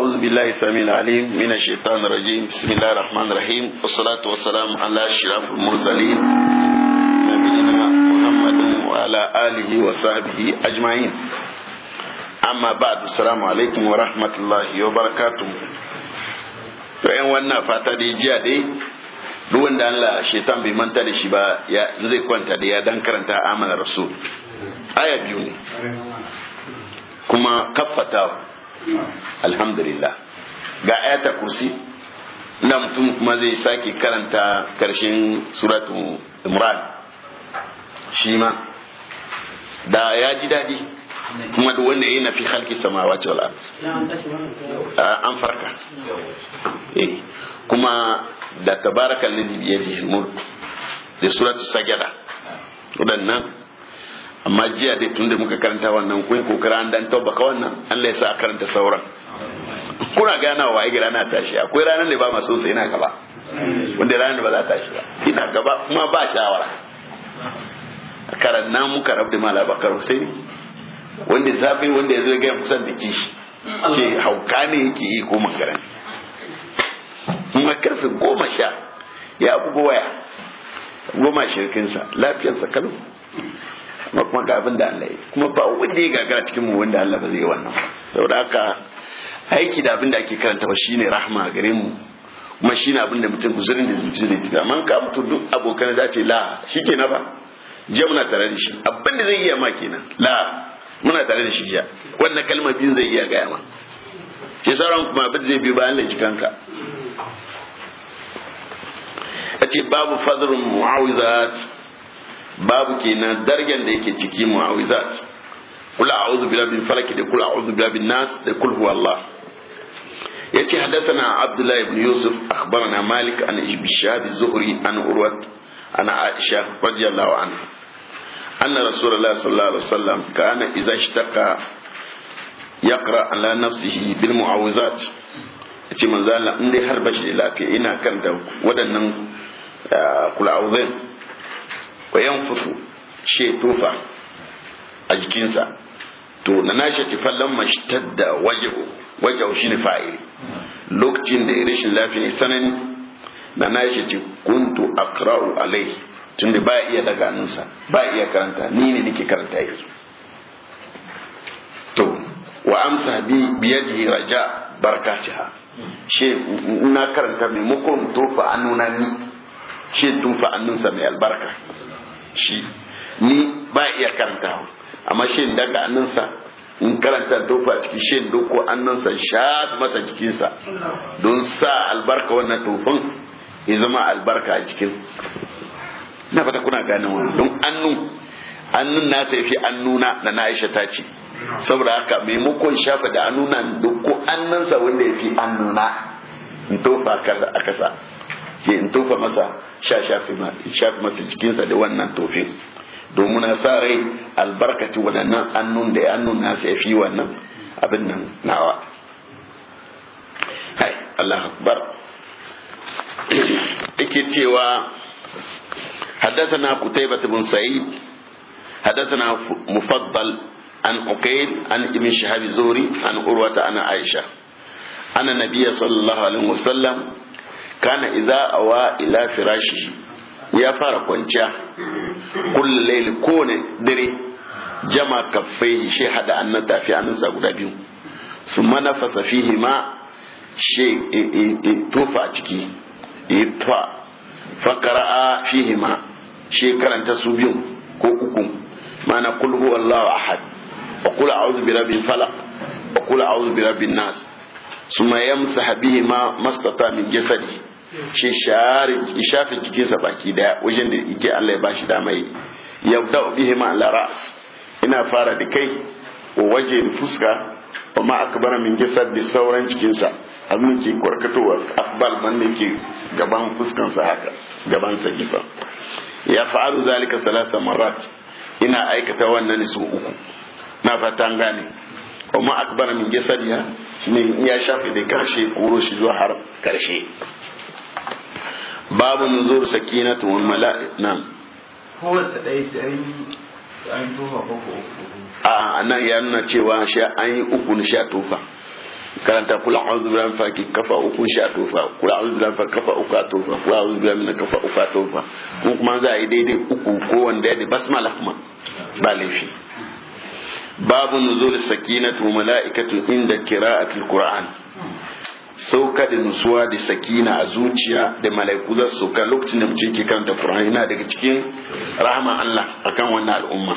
أعوذ بالله السميع العليم من الشيطان الرجيم بسم الله الرحمن الرحيم والصلاة والسلام على أشرف المرسلين نبينا محمد وعلى آله وصحبه أجمعين أما بعد السلام عليكم ورحمة الله وبركاته فإن وانا فاتدي جادي duk wanda Allah shaitan bai manta da shi ba ya zai kwanta da ya dan karanta amana rasul aya biyu ne kuma kaffata alhamdulillah ga ayata kursi na mutum kuma zai sake karanta karshen suratu imran shi ma da ya ji daɗi kuma da wanda yana fi halki sama wace wala an farka eh, kuma da tabarakan lalibiyar biye da suratu sagada waɗannan amma jiya dai tunda muka karanta wannan kun kokara an dan ka wannan Allah ya sa karanta sauran kuna wa ai rana tashi akwai ranar da ba ma so sai ina gaba wanda ranar da ba za ta tashi ba ina gaba kuma ba shawara karan muka rabu da mala bakar sai wanda zafi wanda ya zo ga kusan da kishi ce hauka ne yake yi ko makaran kuma karfe goma sha ya abu waya goma shirkinsa lafiyarsa kalu kuma kuma ga abin da Allah ya kuma ba wanda ya gagara cikin mu wanda Allah ba zai yi wannan saboda haka aiki da abin da ake karanta ba shine rahma gare mu kuma shine abin da mutum guzurin da zuci zai tuka man ka mutu duk abokan da zace la kenan ba je muna tare da shi abin da zai iya ma kenan la muna tare da shi jiya wannan kalmar din zai iya gaya ma ce sauran kuma abin da zai biyo bayan laifi kanka a ce babu fadrun mu'awizat babu kenan dargen da yake ciki mu'awizat kul a'udhu bi rabbil falak da kul a'udhu bi rabbin nas da kul huwallah yace hadathana abdullah ibn yusuf akhbarana malik an ibshab az-zuhri an urwat an aisha radiyallahu anha أن رسول الله صلى الله عليه وسلم كان إذا اشتكى يقرأ على نفسه بالمعوذات yace manzo Allah in dai har bashi da lafiya ina kan da waɗannan kula'uzin wa fufu she tofa a jikinsa to na nashi da wajewo wajewo shi ne fa'il lokacin da irishin lafiya ne sanani na nashi ci kuntu a akra'u alai da ba iya daga nunsa, ba iya karanta ni ne nake karanta yi. to wa amsa bi biyadihi raja ha she na karanta maimakon tofa annuna ni she tufa annunsa mai albarka shi ni ba iya karanta, amma shi in daga annansa in karanta tofa ciki shi in doko annansa sha masa jikinsa don sa albarka wannan tofin ya zama albarka a cikin na fata kuna gane wannan don annu annun nasa ya fi annuna da na aisha ta ce saboda haka maimakon shafa da annuna doko annansa wanda ya fi annuna in tofa a sa sai in tofa masa sha shafi masa jikinsa da wannan tofin domin na sa rai albarkaci waɗannan annun da annun nasa ya fi wannan abin nan nawa hai Allah akbar yake cewa حدثنا قتيبة بن سعيد حدثنا مفضل عن عقيل عن ابن شهاب an عن عروة عن عائشة أن النبي صلى الله عليه وسلم kana idza awa ila firashi. ya fara kwanciya kullu layli kowane dare jama kaffai shi hada annan tafi annansa guda biyu su nafasa fihi ma shi tofa a ciki fa fakara fihi ma shi karanta su biyu ko uku mana kul huwa Allahu ahad wa kul a'udhu bi rabbil falaq wa kul a'udhu bi rabbin nas suma yamsah bihi ma mastata min jasadi shi cikin sa baki daya wajen da yake Allah ya bashi dama yi yabda bihi ma ala ras ina fara da kai wa waje da fuska wa ma akbara min jasad bi sauran jikinsa abin ke kwarkatowa akbal banda ke gaban sa haka gaban sa gisa ya fa'alu zalika salasa marat ina aikata wannan su uku na fatan gane wa ma akbara min jasad ya shine ya shafe da karshe ko shi zuwa har karshe babu nuzur sakinatu wal mala'ik nan kowace ɗaya sai an tufa ko a nan ya nuna cewa sha an yi uku na sha tufa karanta kula a'udhu billahi faki kafa uku sha tufa kula a'udhu billahi faki kafa uku a tufa kula a'udhu billahi min kafa uku a tufa mun kuma za a yi daidai uku ko wanda ne basmala kuma ba laifi babu nuzul sakinatu malaikatu inda qira'atul qur'an sauka da nutsuwa da sakina a zuciya da mala'iku za su sauka lokacin da mutum ke karanta Qur'ani yana daga cikin rahama Allah akan wannan al'umma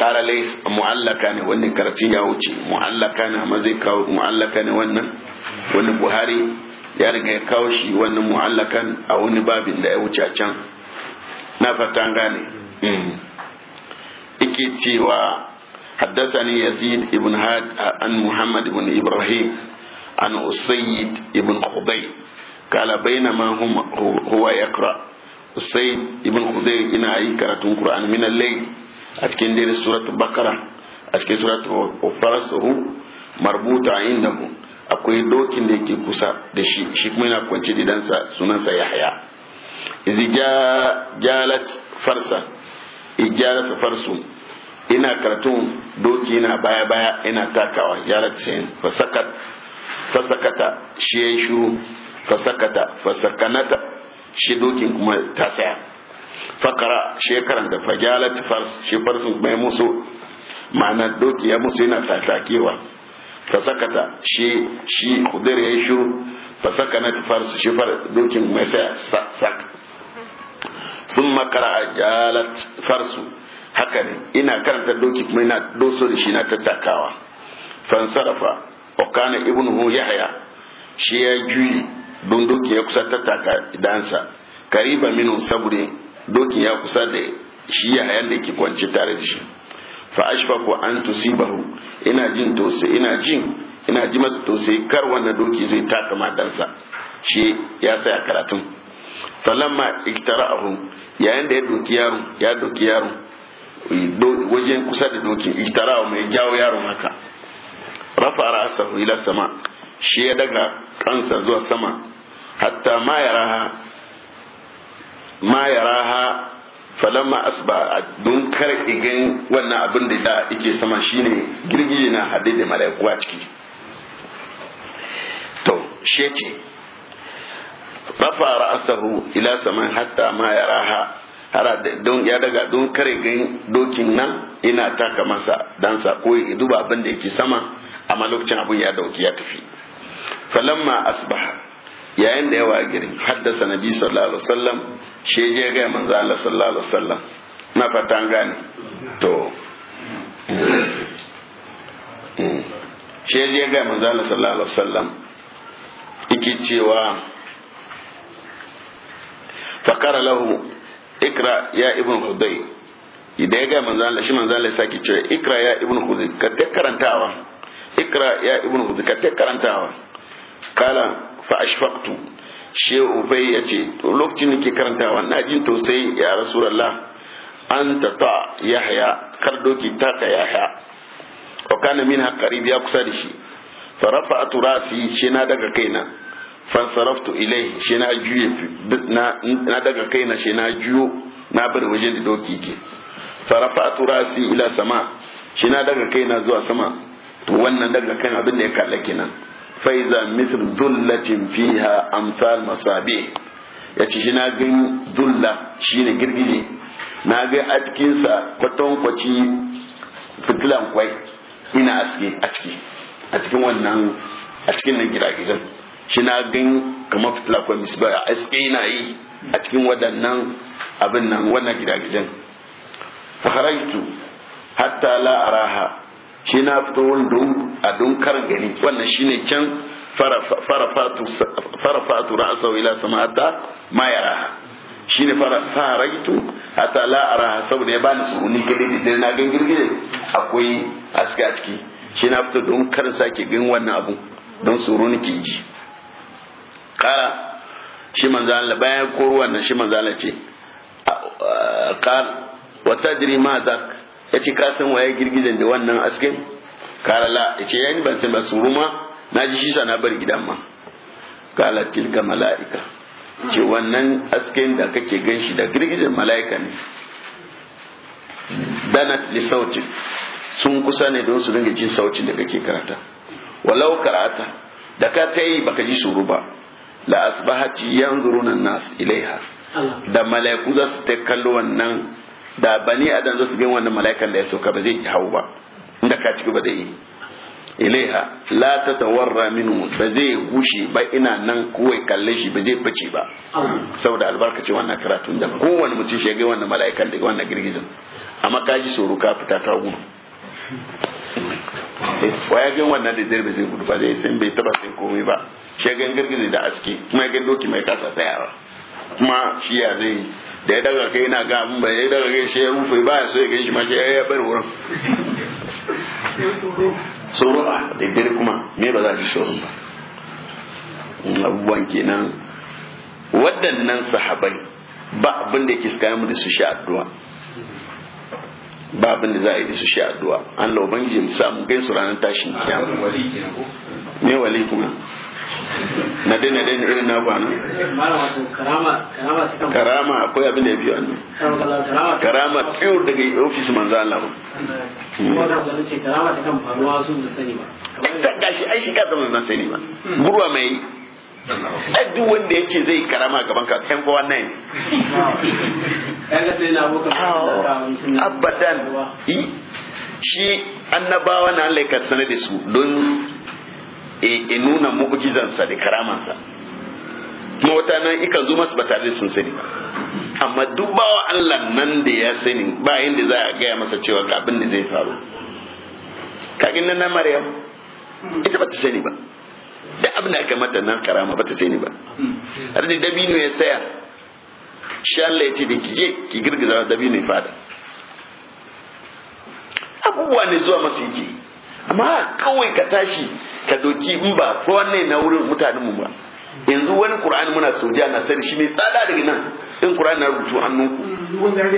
qala lays mu'allaka ne wannan karatun ya wuce mu'allaka ne amma zai kawo mu'allaka ne wannan Wani Buhari ya riga ya kawo shi wannan mu'allakan a wani babin da ya wuce a can na fatan gane ike mm. cewa haddasa ne yazid ibn هاد an muhammad ibn Ibrahim. an usayd ibn khudayr kala bainama huwa yaqra usayd ibn khudayr ina yi karatun qur'an min al-layl a cikin dare suratul baqara a cikin suratul farasuhu marbuta indahu akwai dokin da yake kusa da shi shi kuma yana kwance da dansa sunansa yahya idh jalat farsa ijalasa farsu ina karatun doki na baya baya ina takawa jalat sayin fasakat fasakata shi ya shiru fasakata fasakanata shi dokin kuma ta tsaya fakara shi karanta fajalat fars shi farsin kuma ya musu ma'ana doki ya musu yana tatakewa fasakata shi shi kudur ya shiru fasakanata fars shi far dokin kuma ya saya sak sun makara a jalat farsu haka ne ina karanta doki kuma ina doso da shi na tattakawa fansarafa okana ibnu yahya shi ya juyi don doki ya kusa tattaka idansa kariba minu sabri doki ya kusa da shi yahya da ke kwance tare da shi fa ashfaqu an tusibahu ina jin tose ina jin ina ji masa tose kar wannan doki zai taka matansa shi ya saya karatun falamma iktara'ahu yayin da ya doki yaron ya doki yaron wajen kusa da dokin iktara'ahu mai jawo yaron haka rafa ra'asahu ila sama shi ya daga kansa zuwa sama hatta ma yaraha ma yaraha falamma asba don kar igin wannan abin da da yake sama shine girgije na hade da malaiku a ciki to shi ce rafa ra'asahu ila sama hatta ma yaraha har don ya daga don kare gan dokin nan ina taka masa dansa ko ya duba abin da yake sama amma lokacin abun ya dauki ya tafi falamma asbaha yayin da yawa girin haddasa nabi sallallahu alaihi wasallam shi je ga manzo Allah sallallahu alaihi wasallam na fatan gane to shi je ga manzo Allah sallallahu alaihi wasallam yake cewa fakara lahu ikra ya ibn hudai idan ya ga manzo Allah shi manzo Allah sake cewa ikra ya ibn hudai ka karanta karantawa ikra ya ibnu hudu ka ta karantawa kala fa ashfaqtu she ubay yace to lokacin da ke karantawa na jin tausayi ya rasulullah anta ta yahya kar doki taka yahya wa kana min qarib ya kusa da shi fa rafa'tu rasi she na daga kaina saraftu ilai she na juye na daga kaina she na juyo na bar wajen da doki ke fa rafa'tu rasi ila sama shi na daga kaina zuwa sama to wannan daga kan abin da ya kalla kenan faiza misr zullatin fiha amsal masabi ya ce shi na gani zulla shine girgije na ga a cikinsa kwaci fitilan kwai ina aske a ciki a cikin wannan a cikin nan gidagidan. shi na gan kamar fitilan kwai misba a aske ina yi a cikin waɗannan abin nan wannan fa haraitu hatta la araha shi na fito wani a dunkar gari wannan shine can farafatu ra'asa ila sama hatta ma yara shine faraitu hatta la araha saboda ya bani tsoro ni gari da na gan girgire akwai haske a ciki shi na fito don kar sake gan wannan abu don tsoro nake ji kara shi manzo Allah bayan koruwa na shi manzo Allah ce qal wata tadri ma zak ya ce ka san waye girgizan da wannan asken karala ya ce yayin ban san ba suruma na ji shi na bar gidan ma kala tilka mala'ika ce wannan asken da kake ganshi da girgizan mala'ika ne danat li sautin sun kusa ne don su dinga jin sautin da kake karata walau karata da ka kai baka ji suru ba la asbahati yanzuruna nas ilaiha da mala'iku za su ta kallo wannan da bani adam zo su gan wannan mala'ikan da ya sauka ba zai hau ba inda ka ciki ba da yi ilaiha la ta tawarra minhu ba zai gushe ba ina nan kawai kalle shi ba zai bace ba saboda ce wannan karatu da kowane mutum shi ya ga wannan mala'ikan da wannan girgizin amma ka ji tsoro ka fita ka gudu wa ya gan wannan da zai ba zai gudu ba zai san bai taba sai komai ba shi ya gan girgizi da aske kuma ya gan doki mai kasa tsayawa kuma shi ya zai da ya daga kai na ga abin ba ya daga kai shi ya rufe ba ya so ya shi ma shi ya bar wurin tsoro a daidai kuma me ba za su ji tsoro ba mm, abubuwan kenan waɗannan sahabai ba abin da yake suka yi da su sha addu'a ba abin da za a yi da su sha addu'a an ubangiji ya sa mu kai su ranar tashin kiyama me wali kuma nade nade irin na ba nan karama akwai abin da ya biyo annan karama pure daga ofis manzan Allah karama ta kan faruwa su sani ba gashi ai shi ka zama na sani ba gurwa mai ai duk wanda ya ce zai karama gaban ka ten for nine abadan shi annabawa na Allah ya sanar da su don E, e nuna mu'jizansa da karamansa kuma wata nan ikan zo masu ba tare sun sani ba amma duk bawa Allah nan da ya sani ba yanda za a gaya masa cewa ga abin da zai faru kagin nan na Maryam ita ba ta sani ba da abin da aka mata nan karama ba ta sani ba har da dabino ya saya shi Allah ya ce da kije ki girgiza dabino ya fada abubuwa ne zuwa masu yake ma kawai ka tashi ka doki in ba ruwan ne na wurin mutanen mu ba yanzu wani qur'ani muna soja na sani shi mai tsada daga nan in qur'ani na rubutu hannunku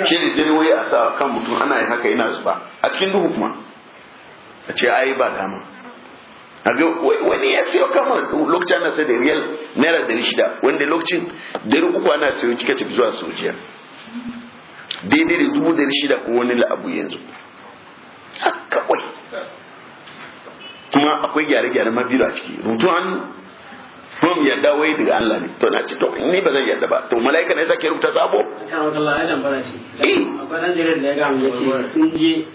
shi ne dare wai a sa kan mutum ana yi haka yana zuba a cikin duhu kuma a ce ai ba dama a wani ya sayo kama lokacin ana sai da riyal naira dari shida wanda lokacin dari uku ana sayo kika tafi zuwa sojiya daidai da dubu dari shida ko wani la'abu yanzu haka kawai kuma akwai gyare-gyare mabiro a ciki rubutu hannu from yadda wai daga Allah ne to na ci to ni ba zan yadda ba to mala'ika ne zake rubuta sabo kan eh. Allah ya dan bara shi eh baran jiran da ya ga mu yace sun je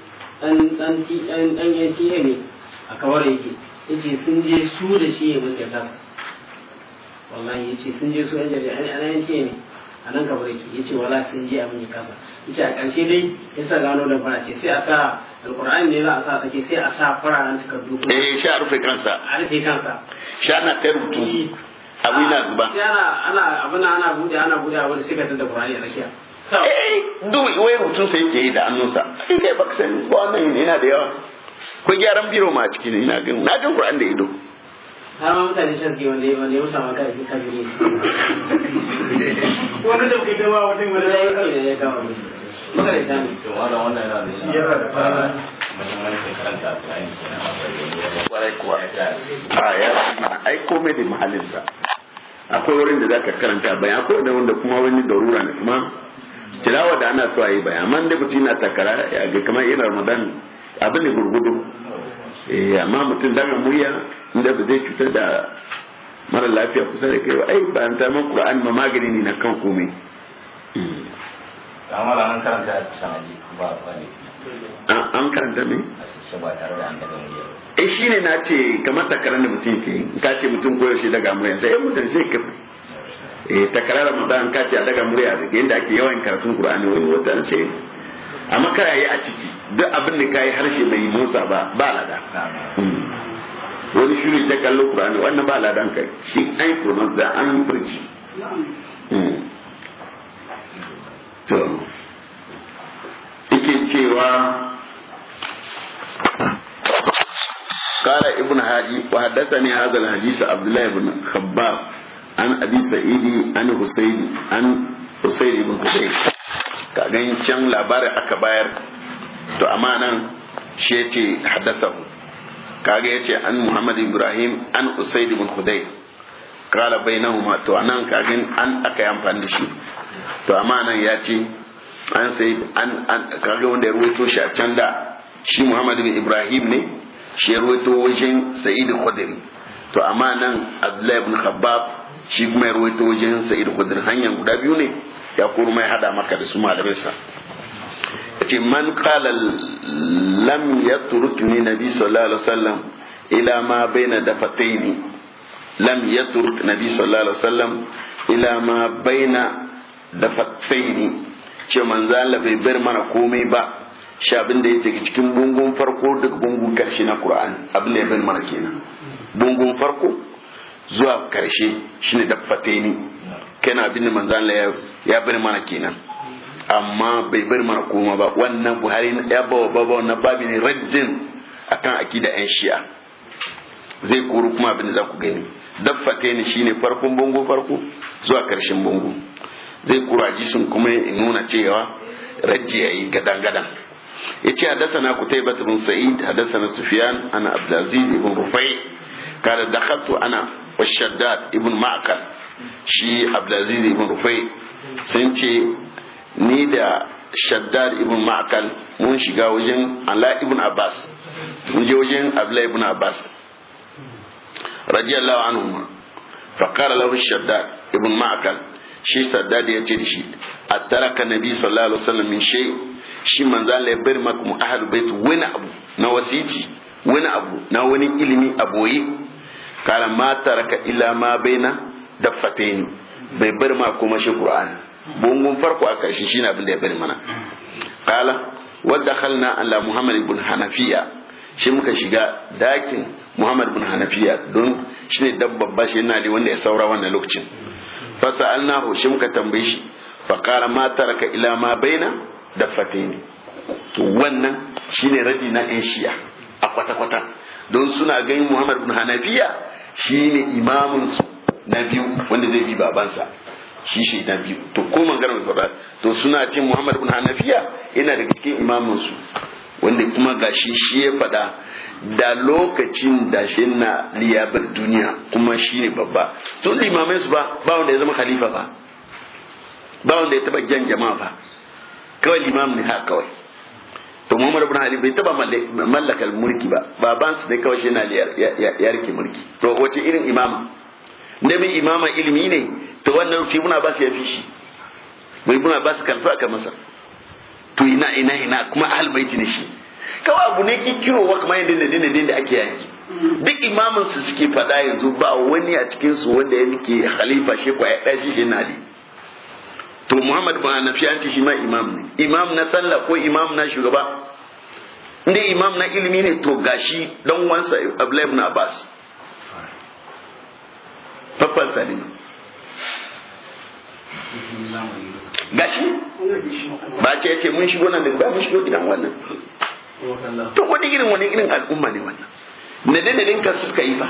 dan dan ti dan dan yace ne a kawar yake yace sun je su da shi ya musu kasa wallahi yace sun je su an jari an yace ne anan kawar yake yace wala sun je a mun kasa yace a ƙarshe dai ya gano da ce sai a sa alƙur'ani ne za a sa take sai a sa ta kaddu ko eh sha rufe kansa a rufe kansa sha na ta rubutu eh. abu yana zuba yana ana abuna ana buɗe ana buɗe wani sai ka tada qur'ani a rakiya eh duk wai mutum sai yake yi da hannunsa in kai baka sani ko wannan yana da yawa kun gyaran biro ma a ciki ne ina gan na gan Qur'an da ido har ma mutane shan ke wanda ya musa maka ne. wani da kai wani wani da yake ya kama musu muka da kama to wannan wannan da shi da fara muhimmancin kanta a tsakanin kenan kwarai kuwa a ya ai da mahallinsa akwai wurin da zaka karanta bayan akwai wanda kuma wani darura ne kuma da ana so a yi bayan amma da mutum yana takara ga kamar irin ramadan abin ne gurgudu eh, amma mutum dan muya inda ba zai da mara lafiya kusa da kai ai ba an tarmar qur'ani ma magani ne na kan komai kamar an karanta asusun ali ba ba ne an karanta me ba tare da an daga murya eh, shi ne na ce kamar takarar da mutum ke ka ce mutum shi daga murya sai mutum sai ka eh takarar mutum ka ce a daga murya da yadda ake yawan karatun qur'ani wani wata ce amma kai a ciki duk abin da kai harshe bai musa ba ba lada wani shi ne ta kallon Qur'ani wannan ba ladan kai shi ai Qur'an da an furci hmm. to yake cewa قال ابن هادي وحدثني هذا الحديث عبد الله بن خباب عن ابي سعيد عن حسين عن حسين بن حسين كان can labarin aka bayar to amma nan yace haddasahu kage yace an Muhammad Ibrahim an Usaid ibn Hudayr kala bainahuma to anan kagin an aka yi amfani da shi to amma nan ya ce an sai an an kage wanda ya ruwaito shi a can da shi Muhammad ibn Ibrahim ne shi ya ruwaito wajen Sa'id Khudri to amma nan Abdullah ibn Khabbab shi kuma ya ruwaito wajen Sa'id Khudri hanyar guda biyu ne ya kuma mai hada maka da su malamin sa ce man qala lam yatrukni nabi sallallahu alaihi wasallam ila ma baina dafataini lam yatruk nabi sallallahu alaihi wasallam ila ma baina dafataini ce manzo Allah bai bar mana komai ba shi abin da ya cikin bungun farko duk bungun karshe na Qur'ani abin da ya bar mana kenan bungun farko zuwa karshe shine dafataini kana abin da manzo Allah ya bar mana kenan amma bai bar mana koma ba wannan buhari ya wa baba wannan babi ne rajin a akan akida yan shi'a zai koro kuma abin da za ku gani daffa kai ne shine farkon bango farko zuwa karshen bango zai koro sun kuma in nuna cewa rajji yayi gadan gadan yace hadathana kutaybat bin sa'id na Sufiyan ana abdulaziz ibn rufai kada dakhaltu ana wa ibn shi abdulaziz ibn rufai sun ce ni da shaddad ibn ma'akal mun shiga wajen ala ibn abbas mun je wajen abla ibn abbas radiyallahu anhu fa qala lahu shaddad ibn ma'akal shi shaddad ya ce shi attaraka nabi sallallahu alaihi wasallam min shay shi manzo la bar makum ahlul bait wani abu na wasiti wani abu na wani ilimi aboyi kala ma taraka illa ma baina dafatain bai bar ma kuma shi qur'ani bungun farko a karshe shine abin da ya bari mana qala wa dakhalna ala muhammad ibn hanafiya shi muka shiga dakin muhammad ibn hanafiya don shine dabbabba shi yana da wanda ya saura wannan lokacin fa sa'alnahu shi muka tambaye shi fa qala ma taraka ila ma baina dafataini to wannan shine raji na ɗan shi'a a kwata-kwata don suna ganin muhammad ibn hanafiya shine ne su na biyu wanda zai bi babansa shi na biyu to ko maganar faɗa to suna ce Muhammad ibn Hanafiya yana daga cikin imamin su wanda kuma gashi shi ya faɗa da lokacin da shi na liyabar duniya kuma shi ne babba tun imamai su ba ba wanda ya zama khalifa ba ba wanda ya taba gyan jama'a ba kawai limam ne ha kawai to Muhammad ibn hanafiya bai taba mallakal mulki ba babansu dai kawai shi na yarki mulki to wace irin imama nabi imama ilimi ne to wannan rufi muna ba su ya fishi shi bai muna ba su kalfa ka masa to ina ina ina kuma albaiti ne shi kawai abu ne wa kuma yadda da dinda dinda ake yaki duk imamin su suke faɗa yanzu ba wani a cikin su wanda ya nike khalifa shi ko ya ɗashi shi na ne to muhammad ba na fiyanci shi ma imam ne imam na sallah ko imam na shugaba inda imam na ilimi ne to gashi dan wansa abdullahi ibn abbas babban salima. gashi ba ce ce mun shigo nan da ba mun shigo gidan wannan to wani irin wani irin al'umma ne wannan nade da ka suka yi fa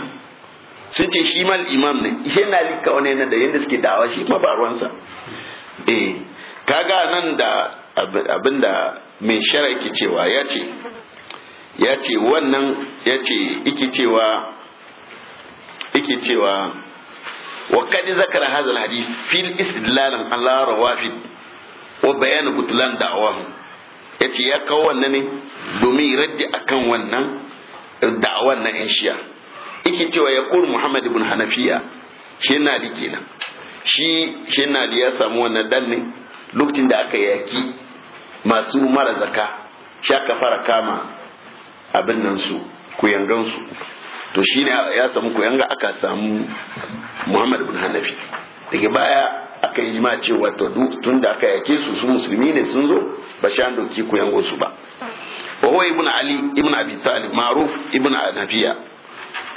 sun ce shi mal imam ne yana lika wani yana da yadda suke dawa shi ma baruwansa ruwansa eh kaga nan da abin da mai shara ke cewa ya ce ya ce wannan ya ce iki cewa ike cewa وقد ذكر هذا الحديث في الاستدلال على روافد وبيان بطلان دعواهم yace ya kawo wannan ne domin raddi akan wannan da'awan na yan shiya yake cewa ya kuru Muhammad ibn Hanafiya shi na da kenan shi shi na ya samu wannan dan ne lokacin da aka yaki masu mara zaka sha ka fara kama abin nan su ku yangan su to shi ne ya samu koyan ga aka samu muhammad bin hanafi daga baya aka yi ma cewa to tun da aka yake su su musulmi ne sun zo ba sha doki koyan su ba wa huwa ibn ali ibn abi talib ma'ruf ibn anafiya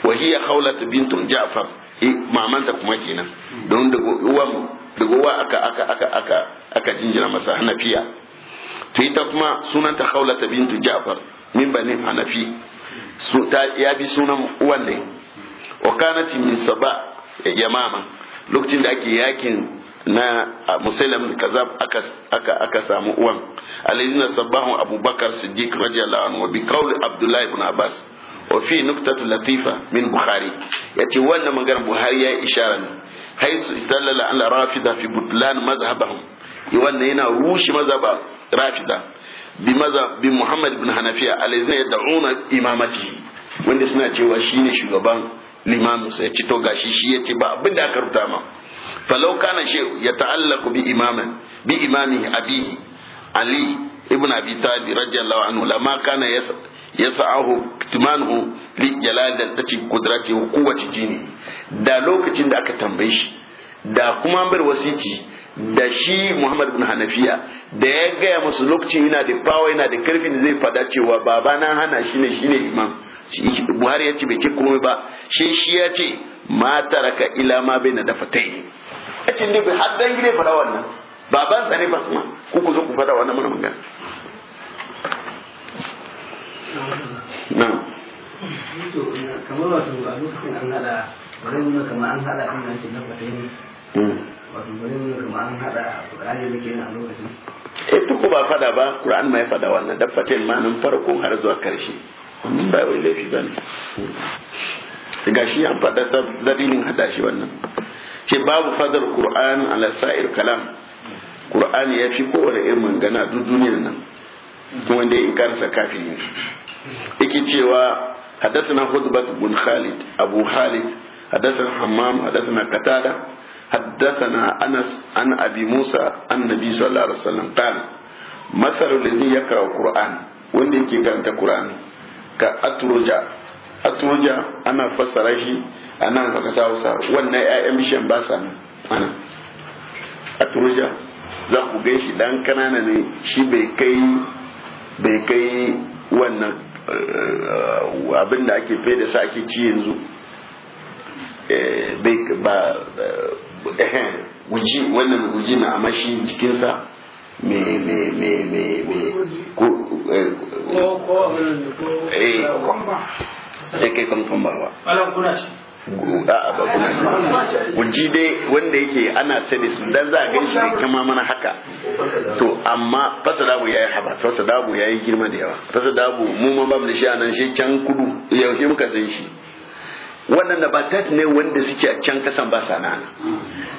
wa hiya khawlat ja'far mamanta kuma kenan don daga uwan daga uwa aka aka aka aka aka jinjira masa hanafiya to ita kuma sunanta khawlat Bintu ja'far min bani hanafi su ya bi sunan uwan ne wa kanat min saba eh, yamama lokacin da ake yakin na musailam kazab aka aka aka samu uwan alladhina sabahu abubakar siddiq radiyallahu anhu bi qawli abdullah ibn abbas wa fi nuktatu latifa min bukhari yace wannan maganar buhari ya isharar haisu istallala ala rafida fi butlan madhhabahum wannan yana rushe mazhaba rafida bi maza bi Muhammad ibn Hanafiya alaizina yad'una imamati wanda suna cewa shine shugaban limamin sai ci to gashi shi yace ba abin da aka rubuta ma falau kana shehu ya ta'allaku bi imaman bi imamihi abihi ali ibn abi talib radiyallahu anhu lama kana yas'ahu kitmanuhu li jalalati tachi qudrati wa quwwati jini da lokacin da aka tambaye shi da kuma bar wasiti da shi Muhammad bin Hanafiya da ya gaya musu lokacin yana da fawa yana da karfin da zai fada cewa baba na hana shi ne shine imam Buhari ya ce bai ce komai ba shi shi ya ce ma taraka ila ma bai na dafatai a cikin dai har dan gire fada wannan baban sa ne ba kuma ku ku zo ku fada wannan mana magana na kamar wato a lokacin an hada bari mu kamar an hada kan nan ce na fatai Hmm. eh tuku ba fada ba kur'an ma ya fada wannan dafatin ma farkon har zuwa karshe ba wai laifi bane hmm. ga shi an fada dalilin hada shi wannan ce babu fadar kur'an ala sa'ir kalam Qur'an ya fi kowane irin magana duk duniyar nan wanda ya karsa kafin yake cewa حدثنا خطبة بن خالد أبو خالد حدثنا حمام حدثنا قتادة حدثنا انس عن ابي موسى النبي صلى الله عليه وسلم قال مثل الذي يقرا القران وين يكي كان القرآن كاتروجا اتروجا انا فسر انا أنا فكسا وسا وانا أمشي باسان انا اتروجا za ku gan shi dan kanana ne shi bai kai bai kai wannan abin da ake fai da sa ake ci yanzu ba guji wannan guji na amashi jikinsa me me me me me ko eh, ko eh sai kai kan a barwa guji dai wanda yake ana sani su dan za a gan shi kama mana haka to amma fasadabu ya yi haba fasadabu ya yi girma da yawa fasadabu mu ma babu da shi a nan shi can kudu yaushe muka san shi wannan nabatat ne wanda suke a can kasan ba sana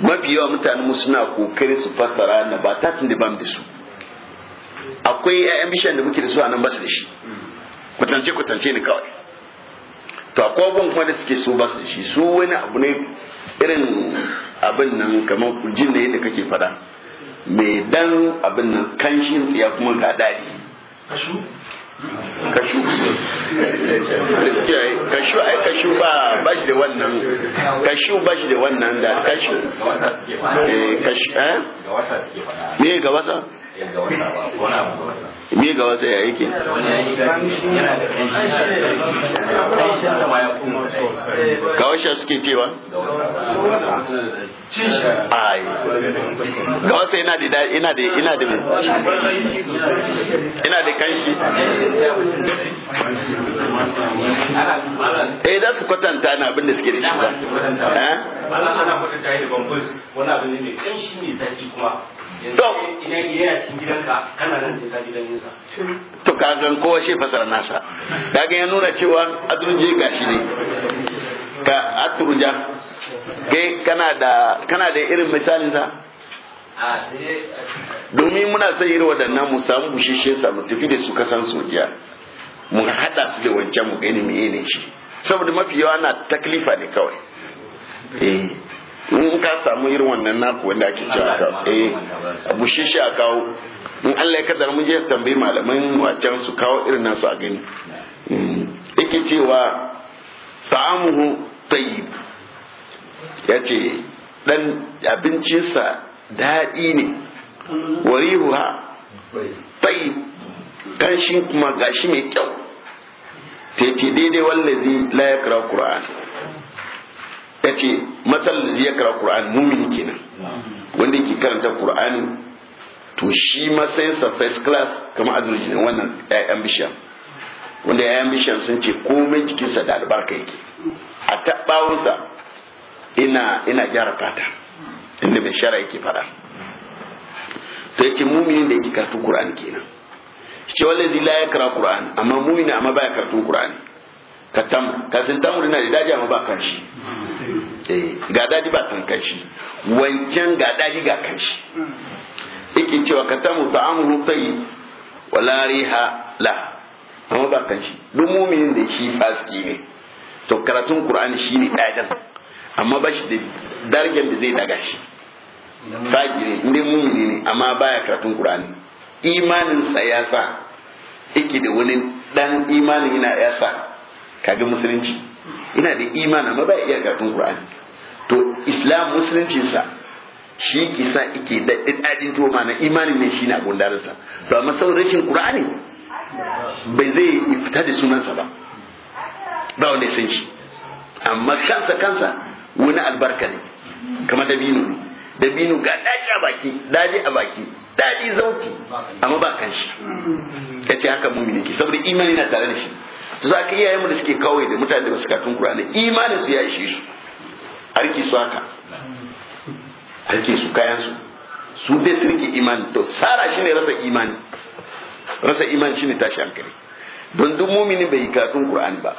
mafi yawa mutane mu suna kokari su fassara nabatat da bam da su akwai ƴaƴan bishiyan da muke da su a nan basu da shi kwatance kwatance ne kawai to akwai abubuwan kuma da suke so ba su da shi su wani abu ne irin abin nan kamar kujin da yadda kake fada mai dan abin nan kanshin tsiya kuma ga dadi kashu kashu ai kashu ba ba shi da wannan kashu ba shi da wannan da kashu eh kashu eh me ga wasa me ga wasa ya yake ga gawasha suke cewa ga gawasa yana da ina da ina da ina da kanshi eh da su kwatanta na abin da suke da shi ba eh ana kwatanta da bambus wani abin ne kanshi ne zaki kuma To, cikin sai ka gidansa kowa shi fasara nasa kaga ya nuna cewa ga shi ne ka aturja ke kana da da irin misalin sa domin muna son irin waɗannan mu samu bushishe sa mu tafi da su kasan sojiya mu hada su da wancan mu gani me ne shi saboda mafi yawa na taklifa ne kawai eh in ka samu irin wannan naku wanda ake cewa ka eh bushishi a kawo in Allah ya kaddara mun je tambayi malamin wacan su kawo irin nasu a gani hmm. yake cewa ta'amuhu tayyib yace dan abincinsa daɗi ne warihuha tayyib kanshin kuma gashi mai kyau ta daidai wallazi la ya kira kace matal da ya kara mummini mumin kenan wanda yake karanta ƙura'ani to shi matsayinsa first class kamar azurji ne wannan ƴaƴan bishiyar wanda ƴaƴan bishiyar sun ce komai jikinsa da albarka yake a taɓawunsa ina ina gyara fata inda mai shara yake fara to yake muminin da yake karatun qur'ani kenan ce zila ya yakra ƙura'ani amma mumini amma baya karatun ƙura'ani ka tamu ka tamu tamuri na da daji amma ba kan shi Eh, ga daɗi ba kan kanshi wancan ga daɗi ga kashi yake cewa ka tamu amuru tayi wala riha la amma ba shi. duk mumin da shi fasiki ne to karatun qur'ani shine dadan amma ba shi da dargen da zai daga shi ne, inda mumini ne amma baya karatun qur'ani imanin sa ya sa yake da wani dan imanin yana ya sa kaga musulunci ina da imani amma ba iya karatun qur'ani to islam musulunci sa shi kisa yake da dadin to mana imani ne shi na abun sa, to amma saboda rashin qur'ani bai zai fita da sunansa ba ba wanda san shi amma kansa kansa wani albarka ne kamar binu ne binu ga daji a baki daji a baki daji zauki amma ba kan shi ya ce haka mumini ki saboda imani na tare da shi to za ka iyayen yayin da suke kawai da mutane da suka tun Qur'ani imanin su ya ishe su harki su haka harki su kayan su su dai su rike imani to sara ne rasa imani rasa imani shine tashi hankali don duk mumini bai yi kafin Qur'ani ba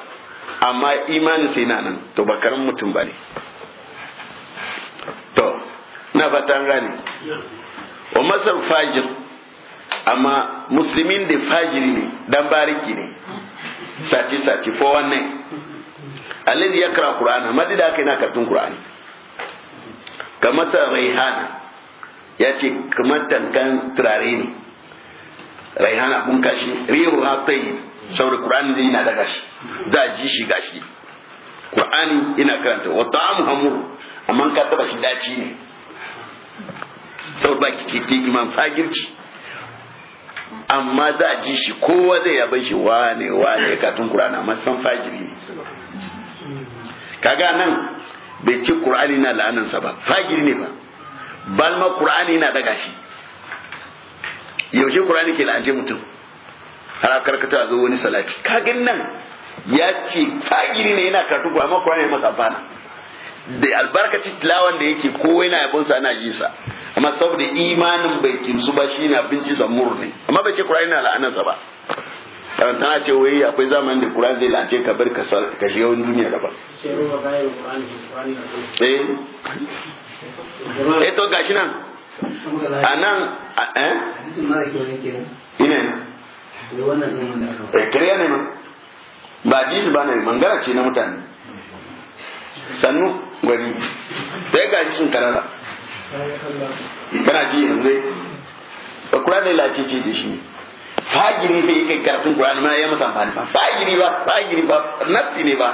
amma imani sai na nan to ba karan mutum bane to na fatan gane wa masal fajir amma musulmin da fajiri ne dan bariki ne sati sati fo wannan alladhi yakra qur'an madi da kai na kartun qur'ani kamar ta raihana ya ce kamar tankan turare ne raihana kun kashi rihu ha tayyib saboda qur'ani da yana daga shi za a ji shi gashi qur'ani ina karanta wa ta'amu hamur amma ka taba shi daci ne saboda ba ki ke imam fagirci amma za a ji shi kowa zai yabe shi wane wane katun kurana amma san fajiri kaga nan bai ci kur'ani na la'anansa ba fajiri ne ba balma kur'ani na daga shi yaushe kur'ani ke la'ance mutum har a karkata zo wani salati kagin nan ya ce fajiri ne yana karatu amma kur'ani ya masa fana da albarkacin tilawan da yake kowa yana yabon sa ana ji amma saboda imanin bai kimsu ba shi na binci samur ne amma bai ce Qur'ani na sa ba karanta na ce wai akwai zamanin da Qur'ani zai lance ka bar ka shiga wani duniya daban eh eh to gashi nan anan eh ina ne eh, kariya ne ma ba hadisi ba ne mangara ce na mutane sannu gwani da ya gaji sun kanana kana ji yanzu dai da kura ne lacece da shi fagiri ne yake karatun kura ma ya masa amfani ba fagiri ba fagiri ba nafsi ne ba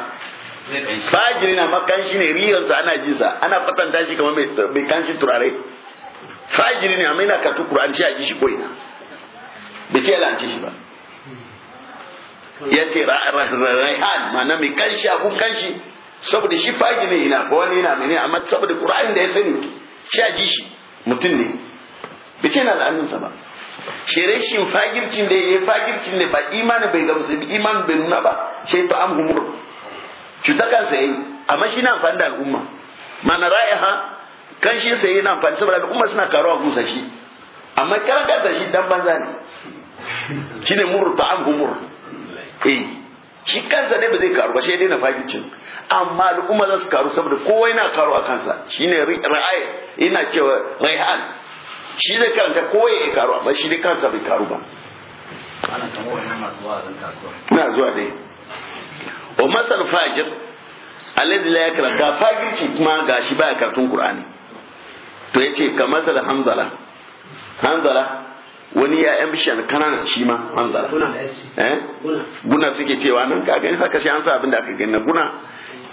fagiri na makanshi ne riyarsa ana jinsa ana kwatanta shi kamar mai kanshi turare fagiri ne amma yana karatu an shi a ji shi na da ce lance shi ba ya ce ma ma'ana mai kanshi a kun kanshi saboda shi fagi ne ina ba wani yana mene amma saboda qur'ani da ya sani shi a ji shi mutum ne bai ce na sa ba shere shi fagircin da ya fagircin ne ba imani bai gamsu bi imani bai nuna ba shi ta am humur cuta kansa yayi amma shi na amfani da al'umma mana ra'iha kan shi sai yana amfani saboda al'umma suna karuwa gusa shi amma karanta shi dan banza ne shine murta am humur eh shi kansa ne ba zai karu ba shi dai na fagicin amma al'umma za su karu saboda kowa yana karu a kansa shine ra'ayi ina cewa raihan shi ne kanta kowa ya karu amma shi ne kansa bai karu ba ana zuwa dai wa masal fajir alladhi la yakra ga fagirci kuma ga shi baya karatun qur'ani to yace ka masal hanzala hanzala wani yan bishiyar kanana shi ma wanda eh guna suke cewa nan ka gani haka sai an sa abin da aka gani na guna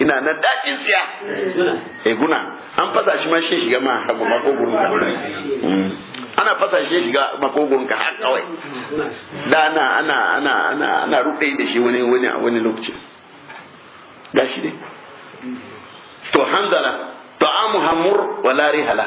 ina na dajin tsiya eh guna an fasa shi ma shi shiga ma haka makogurin ka mm. ana fasa shi shiga makogurin ka haka kawai da ana ana ana ana ana rufe da shi wani wani wani lokaci gashi ne. to hanzala ta'amu hamur wala rihala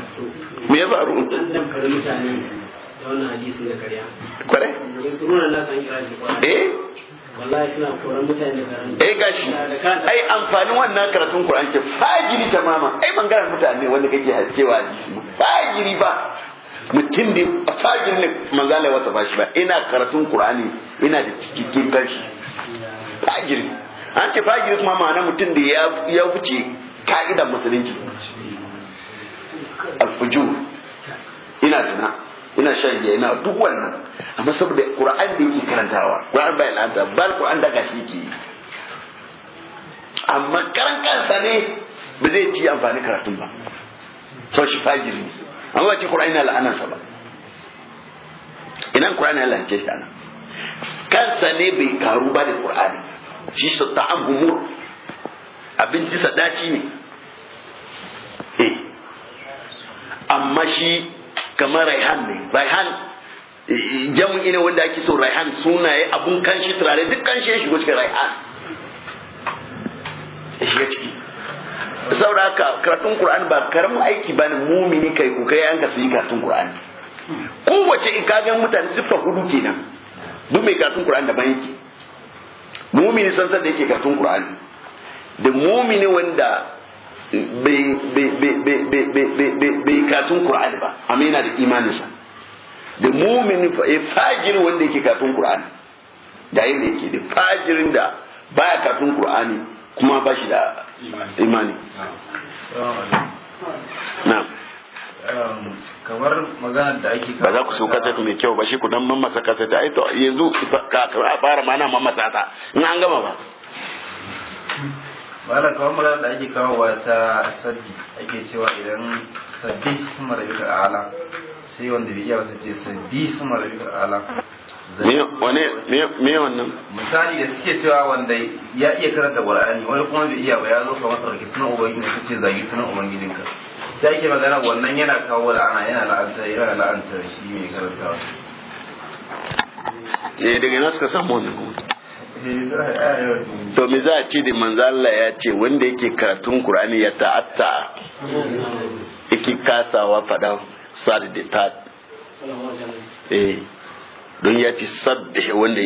me ya faru kwarai eh eh gashi ai amfanin wannan karatun Qur'an ke fagiri tamama ai bangaren mutane wanda kake haskewa fajiri ba mutum da fajiri ne manzala ya wasafa shi ba ina karatun Qur'ani ina da cikakken kashi Fajiri, an ce fajiri kuma ma'ana mutum da ya wuce ka'idan musulunci alfujur ina tuna ina shan biya ina duk wannan amma saboda qur'an da yake karantawa qur'an bai lada bal qur'an da gashi ke amma karan kansa ne ba zai ci amfani karatun ba sau shi fajiri ne amma ba ce qur'an yana sa ba ina qur'an ya lance shi ana kansa ne bai karu ba da qur'ani shi sa ta'am abin abinci sadaci ne eh amma shi kamar raihan ne raihan eh, eh, jamu ne wanda ake so raihan sunaye abun kanshi turare duk kanshi ya shigo cikin raihan ya shiga ciki saboda haka karatun Qur'ani ba karamin aiki bane mumini kai kai an ka sayi karatun Qur'ani kowace ikagan mutane siffa hudu kenan duk mai karatun Qur'ani da banki mumini san san da yake karatun Qur'ani da mumini wanda bai katun kur'ani ba amma yana da imaninsa da mumin eh, fajir wanda yake katun kur'ani da da yake da fajirin da baya katun kur'ani kuma ba shi da imani na kamar magana da ake ba za ku so kaset mai kyau ba shi ku dan mamasa kaset ai to yanzu ka fara mana mamasa ta in an gama ba malam kawai malam da ake kawo ta sabbi ake cewa idan sabbi sun marabi da ala sai wanda bai iya wata ce sabbi sun marabi da ala me wannan misali da suke cewa wanda ya iya karanta qur'ani wani kuma bai iya ba ya zo kamar sarki sunan ubangiji ka ce zagi sunan ka da ake magana wannan yana kawo ana yana la'anta yana la'anta shi mai karantawa ne eh, daga ina suka samu wannan to me za a ce da Manzala ya ce wanda yake karatun Kur'ani ya ta'atta yake kasawa faɗa sadi da ta eh don ya ce sabbi wanda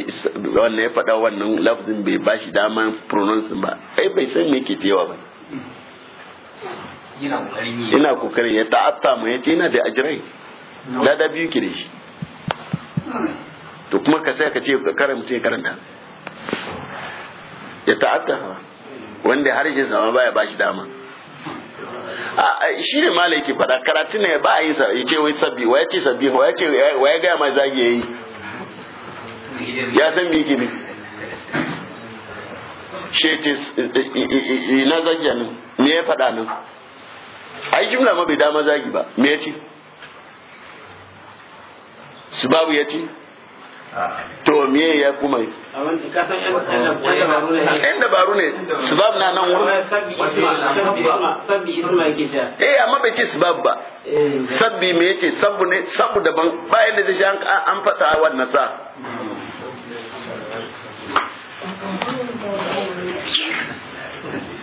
wanda ya faɗa wannan lafzin bai bashi dama pronounce ba ai bai san me ke cewa ba ina kokarin ya ta'atta mu ya ce yana da ajirai da biyu ke da shi to kuma ka sai ka ce karanta mutum ya karanta ya ta'attafa wanda harshen zama baya ba shi dama a shi ne malai ke fada karatun ne ba a yi sa yace wai sabbi wa yace sabbi wa yace wa ya ga mai zagi yayi ya san me yake ne shi ce eh, eh, ina zagi ne me ya fada nan ai jumla ma bai dama zagi ba me yace su babu yace to me ya kuma yi yan dabaru ne sabab na nan wurin eh amma bai ce sabab ba sabbi me yace sabbu ne sabbu daban bayan da zai an fata wannan sa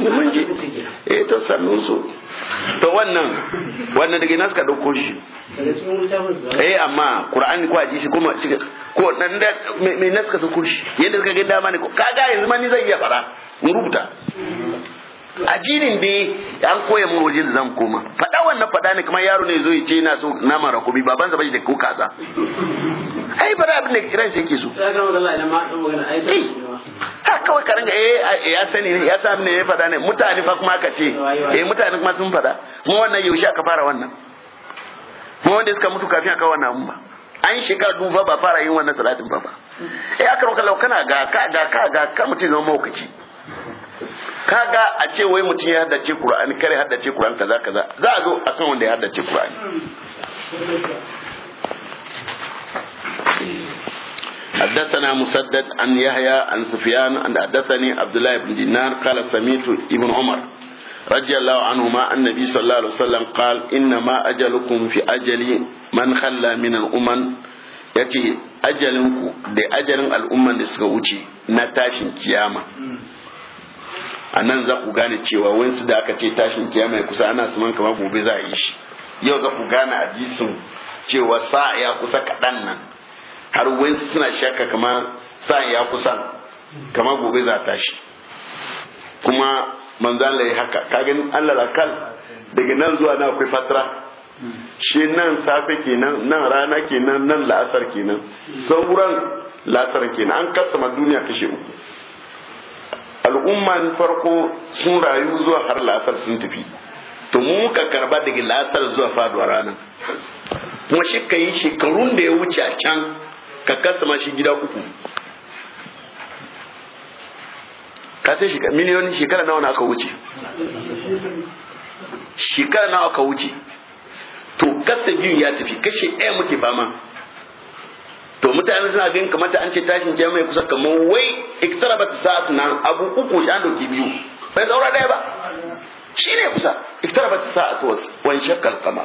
mun ji eh to sannun su to wannan wannan daga ina suka dauko shi eh amma qur'ani ko hadisi kuma ko dan da me na suka dauko shi yanda kaga ga dama ne ko kaga yanzu ma ni zan iya fara mu rubuta ajinin dai an koya mu wajen da zan koma fada wannan fada ne kamar yaro ne zo ya ce ina so na mara rakubi baban sa bashi da ko kaza ai bara abin da kiran shi yake so ka kawai ka ringa eh ya sani ya sami ne ya faɗa ne mutane fa kuma ka ce eh mutane kuma sun faɗa mu wannan yaushe aka fara wannan mu wanda suka mutu kafin aka wannan mun ba an shekara dubu ba fara yin wannan salatin ba ba eh aka roka lau kana ga ka ga ka ga ka mutu zama mawukaci kaga a ce wai mutum ya haddace Qur'ani kare haddace Qur'ani kaza kaza za a zo akan wanda ya haddace Qur'ani حدثنا مسدد عن يحيى عن سفيان عن حدثني عبد الله بن دينار قال سميت ابن عمر رضي الله عنهما النبي صلى الله عليه وسلم قال انما اجلكم في اجل من خلى من الامم yace ajalin ku da ajalin al'umman da suka wuce na tashin kiyama a nan za ku gane cewa wansu da aka ce tashin kiyama ya kusa ana suman kamar gobe za a yi shi yau za ku gane a jisun cewa sa'a ya kusa kaɗan nan har wayansu suna shaka kama sa'an ya kusa kama gobe za ta shi kuma manzan lai haka ka gani allah lakal daga nan zuwa na akwai fatara shi nan safe kenan nan rana kenan nan la'asar kenan sauran la'asar kenan an kasama duniya kashe uku al'umman farko sun rayu zuwa har la'asar sun tafi to mu ka karba daga la'asar zuwa faduwa rana kuma shi ka yi shekarun da ya wuce a can ka ma shi gida uku ka ce miliyoni shekara nawa na aka wuce shekara nawa aka wuce to kasa biyun ya tafi kashe ɗaya muke fama to mutane suna ganin kamata ta an ce tashin jami'a ya kusa kamar wai ba ta sa nan abu uku shi an dauki biyu bai saura ɗaya ba ne kusa ba iktarabat sa'at wani shakkal kama?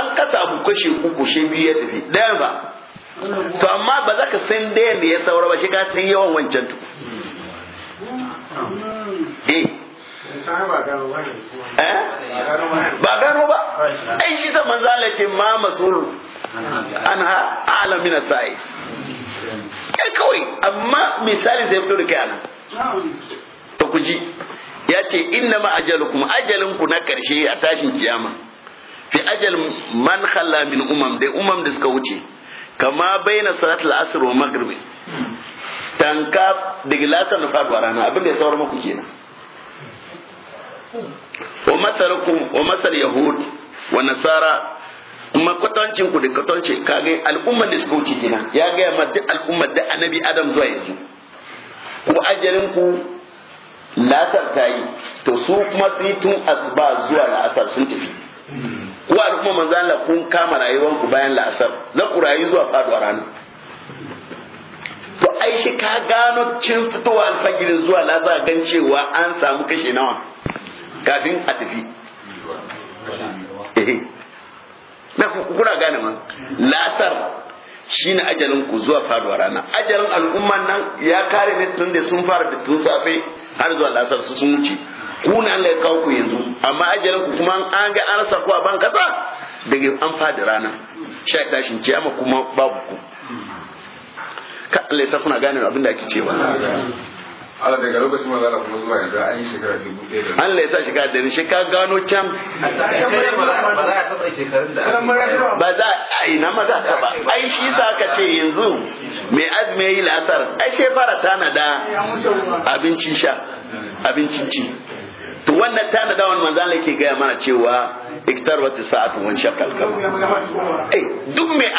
an kasa abu kashe uku shi biyu ya tafi ɗaya ba to amma ba za ka san dayan da ya saura ba shi ka san yawan wancan tu hmm. eh. Eh? ba gano ba ai shi sa manzala ce ma masul an ha alamina sa'i kai kawai amma misali zai fito da kai anan to ku ji ya ce inna ma ajalukum ajalin ku na karshe a tashin kiyama fi ajal man khalla min umam da umam da suka wuce kama baina salat al-asr wa maghrib tanka daga lasar na faduwa rana abin da ya saurar muku kenan wa masalukum wa masal yahud wa nasara kuma kwatancin ku da kwatancin kage al'ummar da suka wuce kenan ya gaya ma duk al'ummar da annabi adam zuwa yanzu ku ajalin ku lasar ta yi to su kuma su yi tun asuba zuwa na sun tafi ku al'umma manzo Allah kun kama rayuwar ku bayan la'asar za ku rayu zuwa faduwa rana to ai shi ka gano cin fitowa alfajiri zuwa la za gan cewa an samu kashe nawa kafin a tafi na kuna gane ma la'asar shine ajalin ku zuwa faduwa rana ajalin al'umman nan ya kare ne tun da sun fara da tun safe har zuwa la'asar su sun wuce ku na Allah ya kawo ku yanzu amma ajalin ku kuma an ga an ku a ban kasa daga an fadi rana sha tashin amma kuma babu ku ka Allah ya kuna gane abin da ake cewa Allah daga lokacin magana kuma zuwa yanzu an yi shekara dubu ɗaya da Allah ya sa shekara da shi ka gano can ba za a ina ma za ta ba ai shi sa ka ce yanzu mai azumi ya yi la'asar ai shekara tana da abincin sha abincin ci to wannan ta da dawon manzo Allah yake gaya mana cewa iktar wata sa'atu wan shakal kan eh duk mai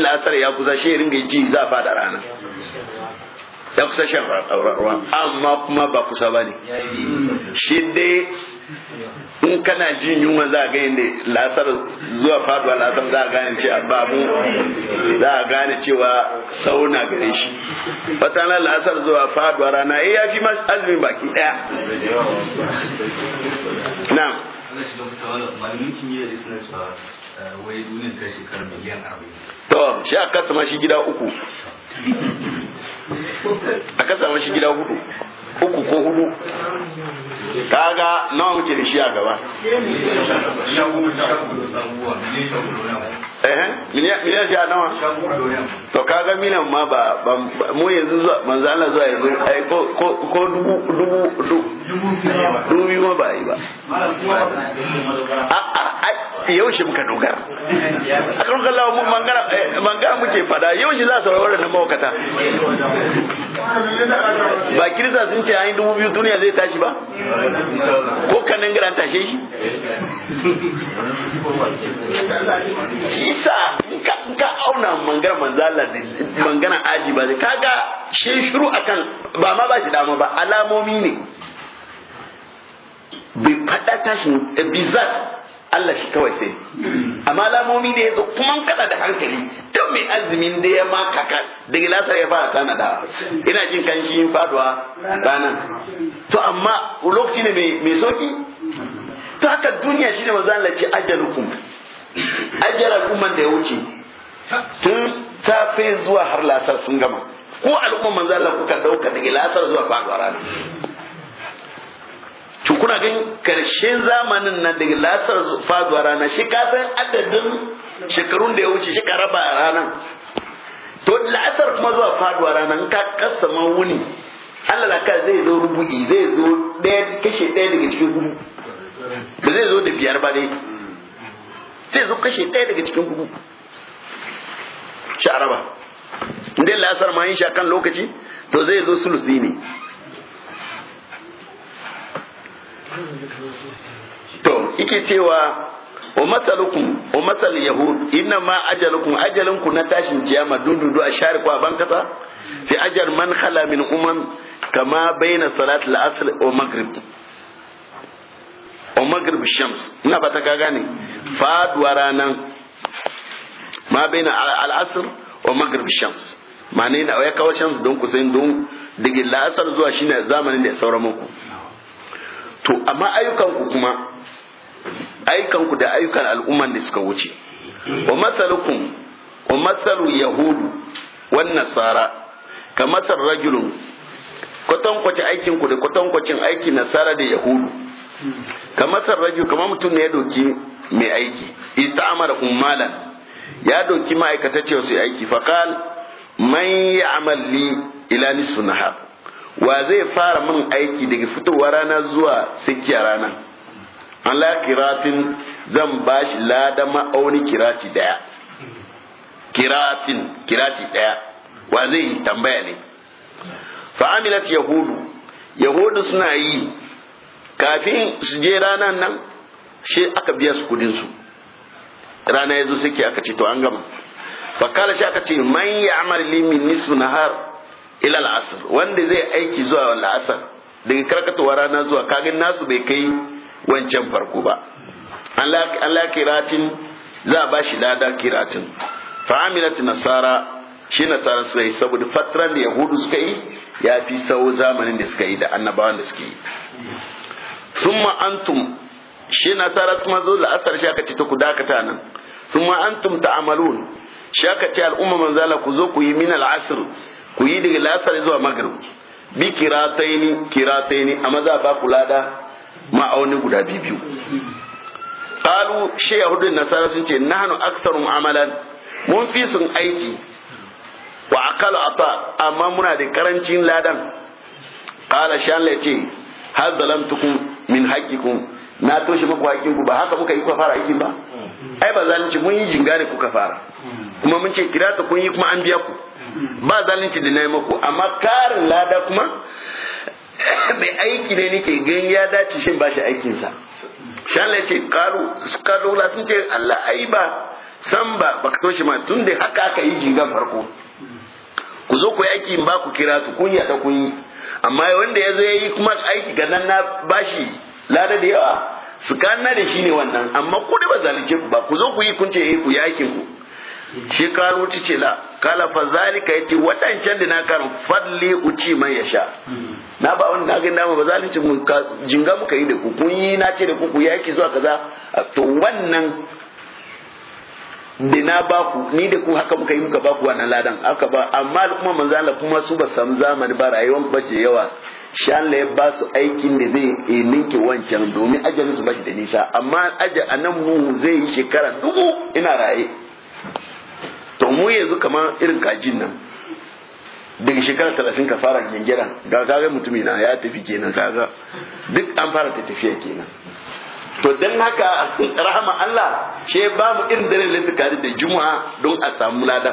na asar ya kusa shi ringa ji za fa da rana ya kusa shan ruwa amma kuma ba kusa bane shi dai in kana jin yunwa za a da lasar zuwa faduwa lasar za a gane ce babu za a gane cewa sauna gare shi fatanar lasar zuwa faduwa rana eh, ya fi masu azumin baki daya na to shi a kasa mashi gida uku a kasa mashi gida hudu uku ko hudu kaga nawa muke da shi a gaba eh miliyan sha nawa to kaga milan ma ba mu yanzu zuwa manzo Allah zuwa yanzu ai ko ko dubu dubu dubu biyu ma ba yi ba a a yaushe muka dogara a kan kallawa mu mangara eh, muke fada yau shi za su rawar da mawakata ba kirista sun ce an dubu biyu duniya zai tashi ba ko kanin gara tashe shi isa in ka auna mangana manzala mangana aji ba kaga shi shiru akan ba ma ba shi dama ba alamomi ne bai faɗa tashin bizar Allah shi kawai sai amma alamomi da yazo kuma kada da hankali to mai azumin da ya ma kaka lasar ya fara tana da ina jin kan shi faduwa ranan to amma lokaci ne mai soki ta haka duniya shine manzo Allah ce ajalukum ajiyar al'umman da ya wuce tun safe zuwa har lasar sun gama ko al'umman manzo Allah kuka dauka daga lasar zuwa faduwar rana to kuna karshen zamanin nan daga lasar faduwar rana shi ka san adadin shekarun da ya wuce shi ka raba rana, to lasar kuma zuwa faduwa ranar ka kasama wuni Allah la zai zo rubugi, zai zo kashe daya daga cikin gudu ba zai zo da biyar ba dai sai zo kashe ɗaya daga cikin hudu shi araba inda la'asar ma yin shi kan lokaci to zai zo sulusi ne to ike cewa wa matsalukun wa matsal yahud inna ma ajalukun ajalinku na tashin kiyama dundundu a share kwa ban kasa fi ajal man khala min umam kama bayna salat al-asr wa maghrib O magrib shams ina fata ka gane faduwa ranan ma baina asr wa magrib shams mane na ya kawo shams don kusain don daga la'asar zuwa shine zamanin da ya saura muku to amma ayyukan ku kuma ayyukan ku da ayyukan al'umman da suka wuce wa masalukum wa masalu yahudu wa nasara ka rajulun kwatankwace aikin ku da kwatankwacin aikin nasara da yahudu kamar sarraju kamar mutum ne ya doki mai aiki ista'amara ummalan ya doki ma'aikata cewa su aiki faqal man ya'mal amalli ila nisfu nahar wa zai fara min aiki daga fitowar rana zuwa tsakiya rana an la kiratin zan bashi lada ma'auni kirati daya kiratin kirati daya wa zai tambaya ne fa'amilat yahudu yahudu suna yi kafin su je ranar nan shi aka biya su kudin su rana ya zo suke aka ce to an gama fakala shi aka ce man ya amal limin na nahar ila al'asr wanda zai aiki zuwa asar daga karkatowa rana zuwa kagin nasu bai kai wancan farko ba Allah kiratin za a ba shi lada kiratin fa'amilat nasara shi nasara suka yi saboda fatran da yahudu suka yi ya fi sau zamanin da suka yi da annabawan da suka yi summa antum shi na tara su kuma zo la'asar shi aka ce ta ku dakata nan summa antum ta'amalun shi aka ce al'umma manzala ku zo ku yi min al'asr ku yi daga la'asar zuwa maghrib bi kira kira ni, kirataini ni, amma za ba ku lada ma'auni guda biyu qalu shi yahudun nasara sun ce na hannu aktsarum amalan mun fi sun aiki wa a ata amma muna da karancin ladan qala shan la ce hal zalamtukum min hakiku na toshe muku ku ba haka muka yi kuka fara aikin ba ai ba zalunci mun yi jingare kuka fara kuma mun ce kirata kun yi kuma an biya ku ba zalunci da nayi muku amma karin lada kuma mai aiki ne nake gan ya dace shin ba shi aikinsa shan Allah ce karu dola sun ce Allah ai ba san ba baka toshe ma tun da haka aka yi jingan farko ku zo ku yi aiki ba ku kira su kun yi da kun yi amma wanda ya zo ya yi kuma aiki ga nan na bashi lada da yawa su kana da shi ne wannan amma ku da ba zalice ku ba ku zo ku yi kun ce eh ku yi ku shi karo ci ce la kala fa zalika yace wadancan da na karin fadli uci man ya sha. Hmm. na ba wani na ga dama ba zalice mu jinga muka yi da ku kun yi na ce da ku ku yaki zuwa kaza to wannan da na baku ni da ku haka muka yi muka baku wannan ladan aka ba amma al'umma manzo Allah kuma su ba samu zamani ba rayuwar ba ce yawa sha Allah ya ba su aikin da zai eh, ninke wancan domin ajalin su ba da nisa amma a anan mu zai yi shekara dubu ina raye to mu yanzu kamar irin kajin nan daga shekara talatin ka fara gingira ga kaga mutumina ya tafi kenan kaga duk an fara tafiya kenan to dan haka rahama Allah she babu irin dare da suka da juma'a don a samu lada.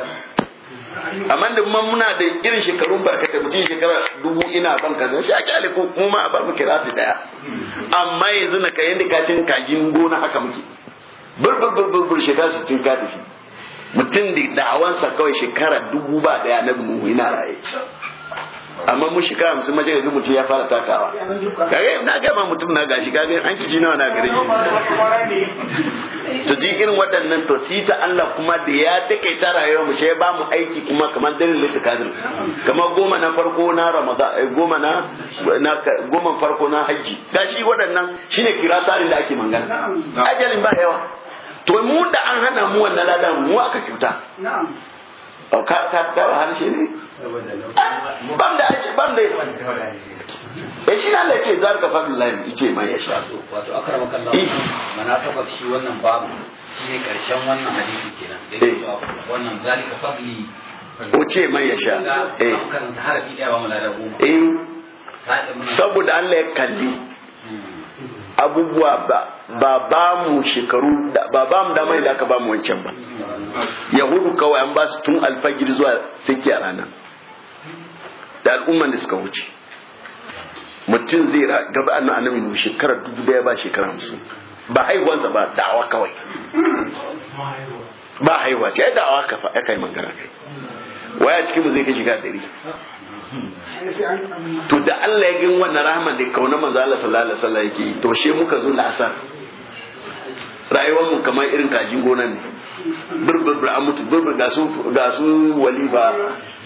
amma da mun muna da irin shekarun da mutum shekara dubu ina ban kaza sai a kyale ko kuma a babu kirafi daya amma yanzu na kayan da kacin kajin gona haka muke burbur shekara sittin ka tafi mutum da da'awansa kawai shekara dubu ba daya na nuhu ina raye amma mu shiga hamsin maje yanzu mutum ya fara takawa kaga na ga ma mutum na gashi kaga an kici nawa na gare to ji irin waɗannan to sita Allah kuma da ya takaita rayuwar mu sai ba mu aiki kuma kamar dalil litakadir kamar goma na farko na Ramadan eh, goma na goma farko na haji gashi waɗannan shine tsarin da ake mangana ajalin ba yawa to mu da an hana mu wannan ladan mu aka kyauta ka ka harshe ne ban da ake ban da ya eh, shi Allah ce za ka fadin layin ice mai ya sha wato akrama kallahu eh. mana ta shi wannan babu shi ne karshen wannan hadisi kenan eh. mai ya sha eh saboda Allah ya kalli abubuwa ba ba mu shekaru ba ba mu damar da aka ba mu wancan ba yahudu kawai an ba su tun alfajir zuwa sai a ranar da al'umman da suka wuce mutum zai gaba annan annabi mu shekarar dubu daya ba shekara hamsin ba haihuwa ba da'awa kawai ba haihuwa ce da'awa kafa ya kai mangara, kai waya cikin mu zai kai shiga dari to da Allah ya gani wannan rahama da kauna manzo Allah sallallahu alaihi wasallam yake to she muka zo da asar rayuwar mu kamar irin kajin gona ne burbur an mutu burbur ga su wali ba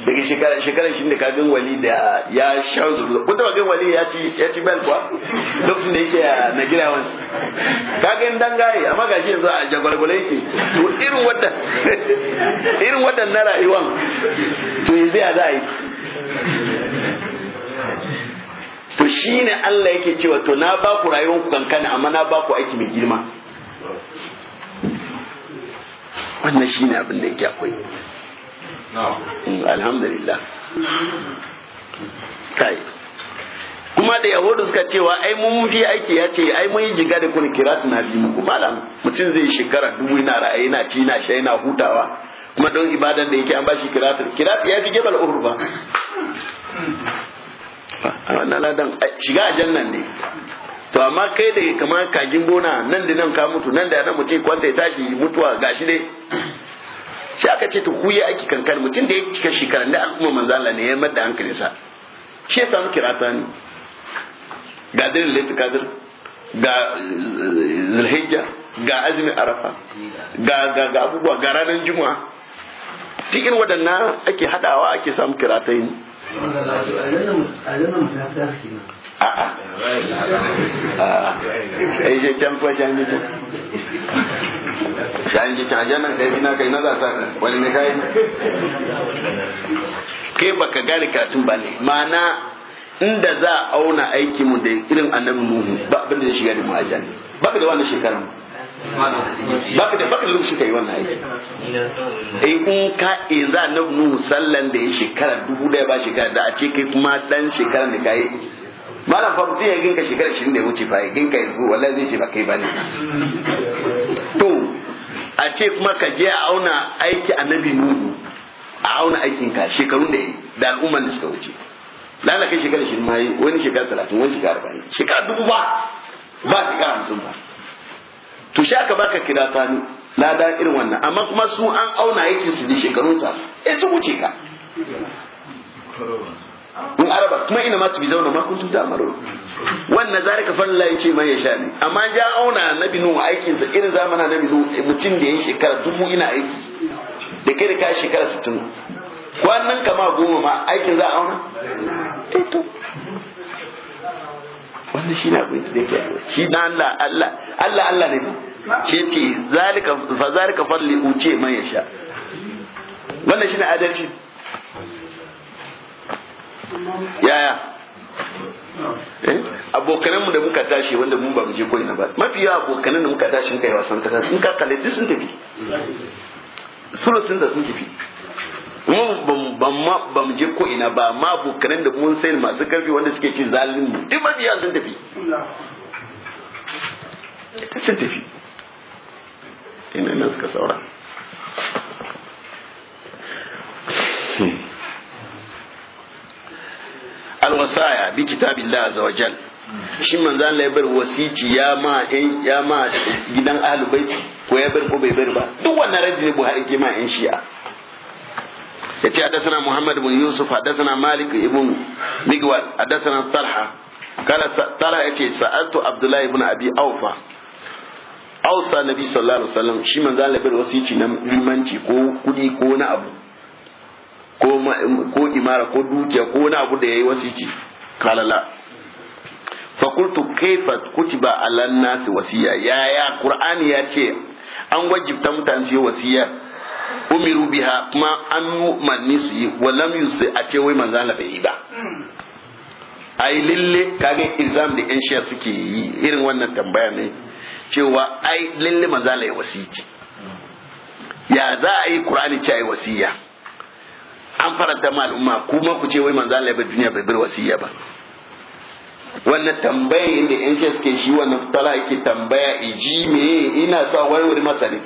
daga shekarar shi da kagan wali da ya shan zuru ko da kagan wali ya ci bel kuwa lokacin da yake na gina wani kagan dangaye amma gashi yanzu a jagwalgwale yake to irin wadda irin wadan na rayuwan to yi zai za a yi to shi ne Allah yake cewa to na ba ku rayuwar kankana amma na ba ku aiki mai girma wannan shi ne abin da yake akwai mm, alhamdulillah kai kuma da da suka cewa ai mun fi aiki ya ce ai mun yi jiga da kun kira na biyu muku malam mutum zai shekara dubu yana ra'ayi na ci na sha yana hutawa kuma don ibadan da yake an bashi kira kirat ya fi gebal uhur ba a wannan ladan shiga a jannan ne to amma kai da kamar kajin gona nan da nan ka mutu nan da nan mu ce kwanta ya tashi mutuwa gashi dai shi aka ce ta huye aiki kankan mutum da ya cika shekaran da al'umma Allah ne ya madda da sa shi ya samu kirata ne ga dalil laitu kadir ga eh, zulhijja ga azumi arafa ga ga ga abubuwa ga ranar juma'a cikin waɗannan ake hadawa ake samu kiratai ne ai je can fa shan gidan shan ji can janan kai ina kai na zasa wani ne kai kai baka gane katun ba ne ma'ana inda za a auna aiki mu da irin annabi nuhu ba abin da ya shiga da mu ajani baka da wannan shekaran baka da baka da lokaci kai wannan aiki eh in ka in eh, za annabi nuhu sallan da ya shekara dubu daya ba shekara da a ce kai kuma dan shekaran da yi. malam fa mutum ya ginka shekara 20 da ya wuce fa ya ginka yanzu wallahi zai ce ba kai bane to a ce kuma ka je a auna aiki annabi nuhu a auna aikin ka shekarun da da al'umman da suka wuce lalaka shekara 20 ma wani shekara 30 wani shekara 40 shekara dubu ba ba shekara hamsin ba to shi aka baka kira tani lada irin wannan amma kuma su an auna aikin su da shekarunsa eh su wuce ka in araba kuma ina ma tubi zauna ma kun tuta ta'maru wannan fara falla ce mai sha ne amma ja auna nabi nuhu aikin sa irin zamana nabi nuhu mutum da ya shekara dubu ina aiki da kai da ka shekara 60 kwanan kama goma ma aikin za a auna eh, to wannan shi na abin da yake shi na Allah Allah Allah Allah ne ce ce zalika fa zalika fadli uce man sha. wannan shi ne adalci yaya eh? mu da muka tashi wanda mun ba mu je ko ina ba mafi yawa abokanan da muka tashi muka yi wasan ta in ka kalle duk sun tafi sulusun da sun tafi mun ba mu je ko ina ba ma abokanan da mun sai masu karfi wanda suke cin zalin mu duk mafi yawa sun tafi sun tafi ina nan suka saura alwasaya bi kitabillah azza wa jal shi manzo Allah ya bar wasici ya ma ya ma gidan ahlul bait ko ya bar ko bai bar ba duk wannan rajin ne Buhari ke ma in shi'a yace hadathana Muhammad bin Yusuf hadathana Malik ibn Migwal hadathana Talha kala Talha yace sa'altu Abdullah ibn Abi Awfa Ausa Nabi sallallahu alaihi wasallam shi manzo Allah ya bar wasici na limanci ko kudi ko na abu ko ko imara ko dukiya ko wani abu da yayi wasici kalala fakultu kaifa kutiba alan nasi wasiya yaya qur'ani ya ce an wajibta mutane su yi wasiya umiru biha kuma an manni su yi walam yusi a ce wai manzo Allah bai yi ba ai lille kage exam da yan shiya suke yi irin wannan tambaya ne cewa ai lille manzo Allah ya wasiyi ya za a yi qur'ani ce ai wasiya an faranta ma al'umma kuma ku ce wai manzo Allah bai duniya bai bar wasiya ba wannan tambaya inda yan shi suke shi wannan tala yake tambaya iji me ina sa warware masa ne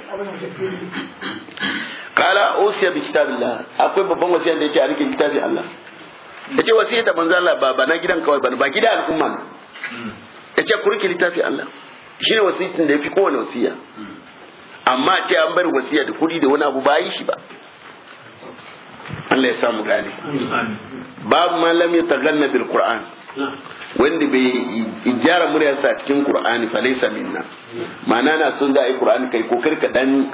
qala usiya bi kitabillah akwai babban wasiya da yake a rikin kitabin Allah yace wasiya ta manzo Allah ba ba na gidan kawai ba ba gidan al'umma yace kurki rike Allah shine wasiyin da yafi kowane wasiya amma ce an bar wasiya da kudi da wani abu ba yi shi ba Allah ya samu gane babu malam ya taganna bil qur'an wanda bai ijara muryarsa a cikin qur'ani fa laysa minna ma'ana na sun da ai qur'ani kai ko ka dan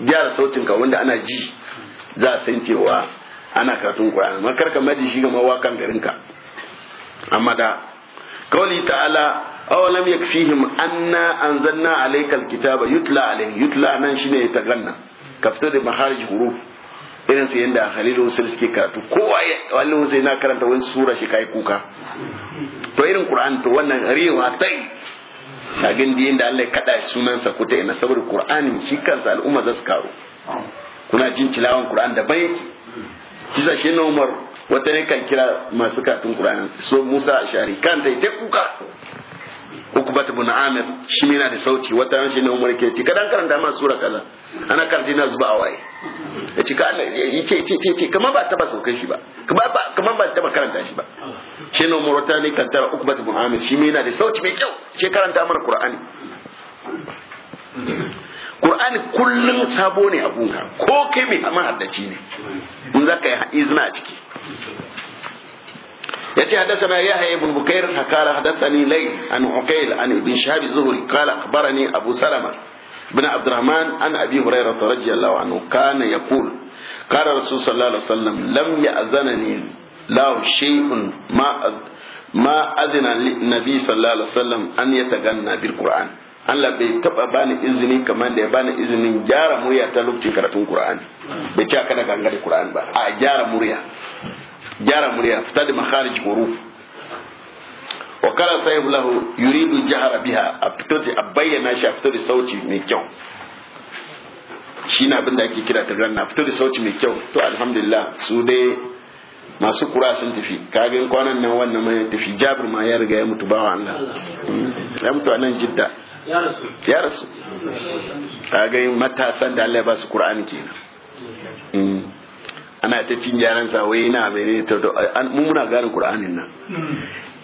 gyara sautin ka wanda ana ji za a san cewa ana karatun qur'ani ma karka maji shi ga mawakan garin ka amma da qawli ta'ala aw lam yakfihim anna anzalna alaykal kitaba yutla alayhi yutla nan shine ya taganna ka fita da maharij huruf irin su yadda halilu Hussein suke karatu kowa ya wani Hussein na karanta wani sura shi kai kuka to irin Qur'an to wannan riwa tai ka gindi da Allah ya kada sunansa ko ta ina saboda Qur'ani shi kansa al'umma za su karo kuna jin cilawan Qur'an da bai kisa shi na Umar wata ne kan kira masu katun qur'ani. so Musa Ashari kan dai kuka ukubat ibn amir shi yana da sauti wata ran shi ne umar ke ci kadan karanta ma sura kaza ana karanta yana zuba awaye. ya ci kana ya ce ce ce ce kamar ba taba saukan shi ba kamar ba kamar ba taba karanta shi ba shi ne umar ta ne kantara ukubat ibn amir shi yana da sauti mai kyau ce karanta mana qur'ani Qur'ani kullum sabo ne abunka ko kai mai amma haddaci ne in zaka yi izina a ciki يأتي حدثنا يحيى بن بكير قال حدثني لي عن عقيل عن ابن شهاب الزهري قال أخبرني أبو سلمة بن عبد الرحمن عن أبي هريرة رضي الله عنه كان يقول قال رسول صلى الله عليه وسلم لم يأذنني لا شيء ما ما أذن النبي صلى الله عليه وسلم أن يتغنى بالقرآن أن لا taba bani إذني كمان da ya bani izinin gyara murya ta lokacin karatun Qur'ani bai ce kada ganga مريا gyara murya fitar da makharij huruf wa kala sahibu yuridu jahara biha a fito da a bayyana shi a fito da sauti mai kyau shi na abin ake kira tigran na fito da sauti mai kyau to alhamdulillah su dai masu kura sun tafi kagin kwanan nan wannan mai tafi jabir ma ya riga ya mutu bawa Allah ya mutu a nan jidda ya rasu kagin matasan da Allah ya ba su qur'ani kenan hmm. ana ta cin yaran sa wai yana ne to mun muna gane qur'anin nan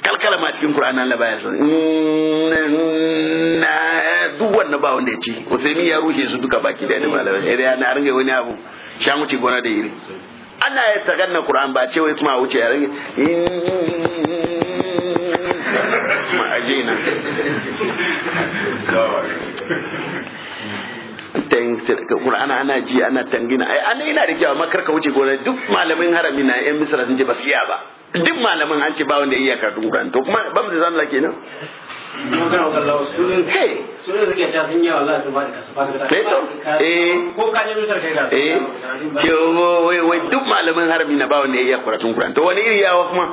kalkala ma cikin qur'anin Allah baya san na duk wannan ba wanda ya ce usaimi ya ruhe su duka baki da ne malamai eh na ringa wani abu shan wuce gona da iri ana ya taganna qur'an ba ce wai kuma wuce ya ringa ma ajina Qur'ana ana ji ana tangina ai ana yana da kyau amma ka wuce gona duk malamin harami na yan misra sun ce ba su iya ba duk malamin an ce ba wanda iya karatun Qur'ani to kuma ba mu da zanla kenan Eh. eh. duk malamin harami na ba wanda iya karatun Qur'ani to wani iri yawa kuma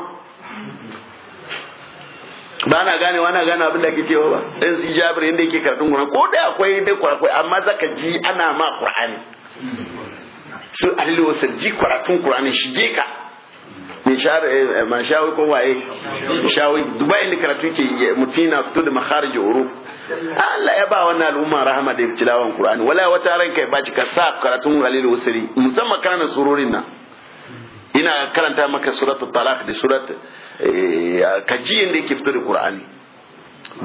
ba na gane wa na gane abin da ake cewa ba dan su jabir inda yake karatun Qur'ani ko dai akwai dai akwai amma zaka ji ana ma Qur'ani su alil wasar ji karatun Qur'ani shige ka mai share eh, ma shawai ko waye shawi dubai inda karatu ke mutum na fito da makharij uruf Allah ya ba wannan al'umma rahama da ya fi cilawan Qur'ani wala ya wata ranka ya baci ka sa karatun alil wasari musamman kana surorin nan ina karanta maka suratul talak da suratul Eh, ka ji yadda yake fito da qur'ani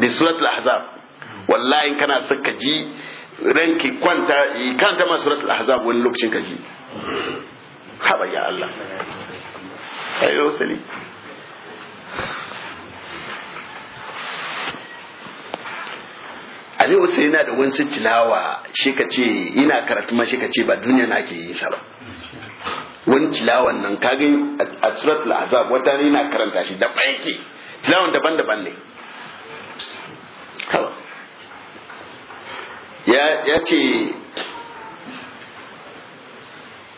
da suratul ahzab wallahi in kana son ka ji ranki kwanta kanta ma suratul ahzab wani lokacin ka ji haba ya Allah ayo sali Ali Hussein yana da wancan tilawa shi ka ce ina karatu ma shi ka ce ba duniya na ke yin sa ba wani tilawan nan ka gani a surat azab wata ne na karanta shi daban yake tilawan daban-daban ne ya ce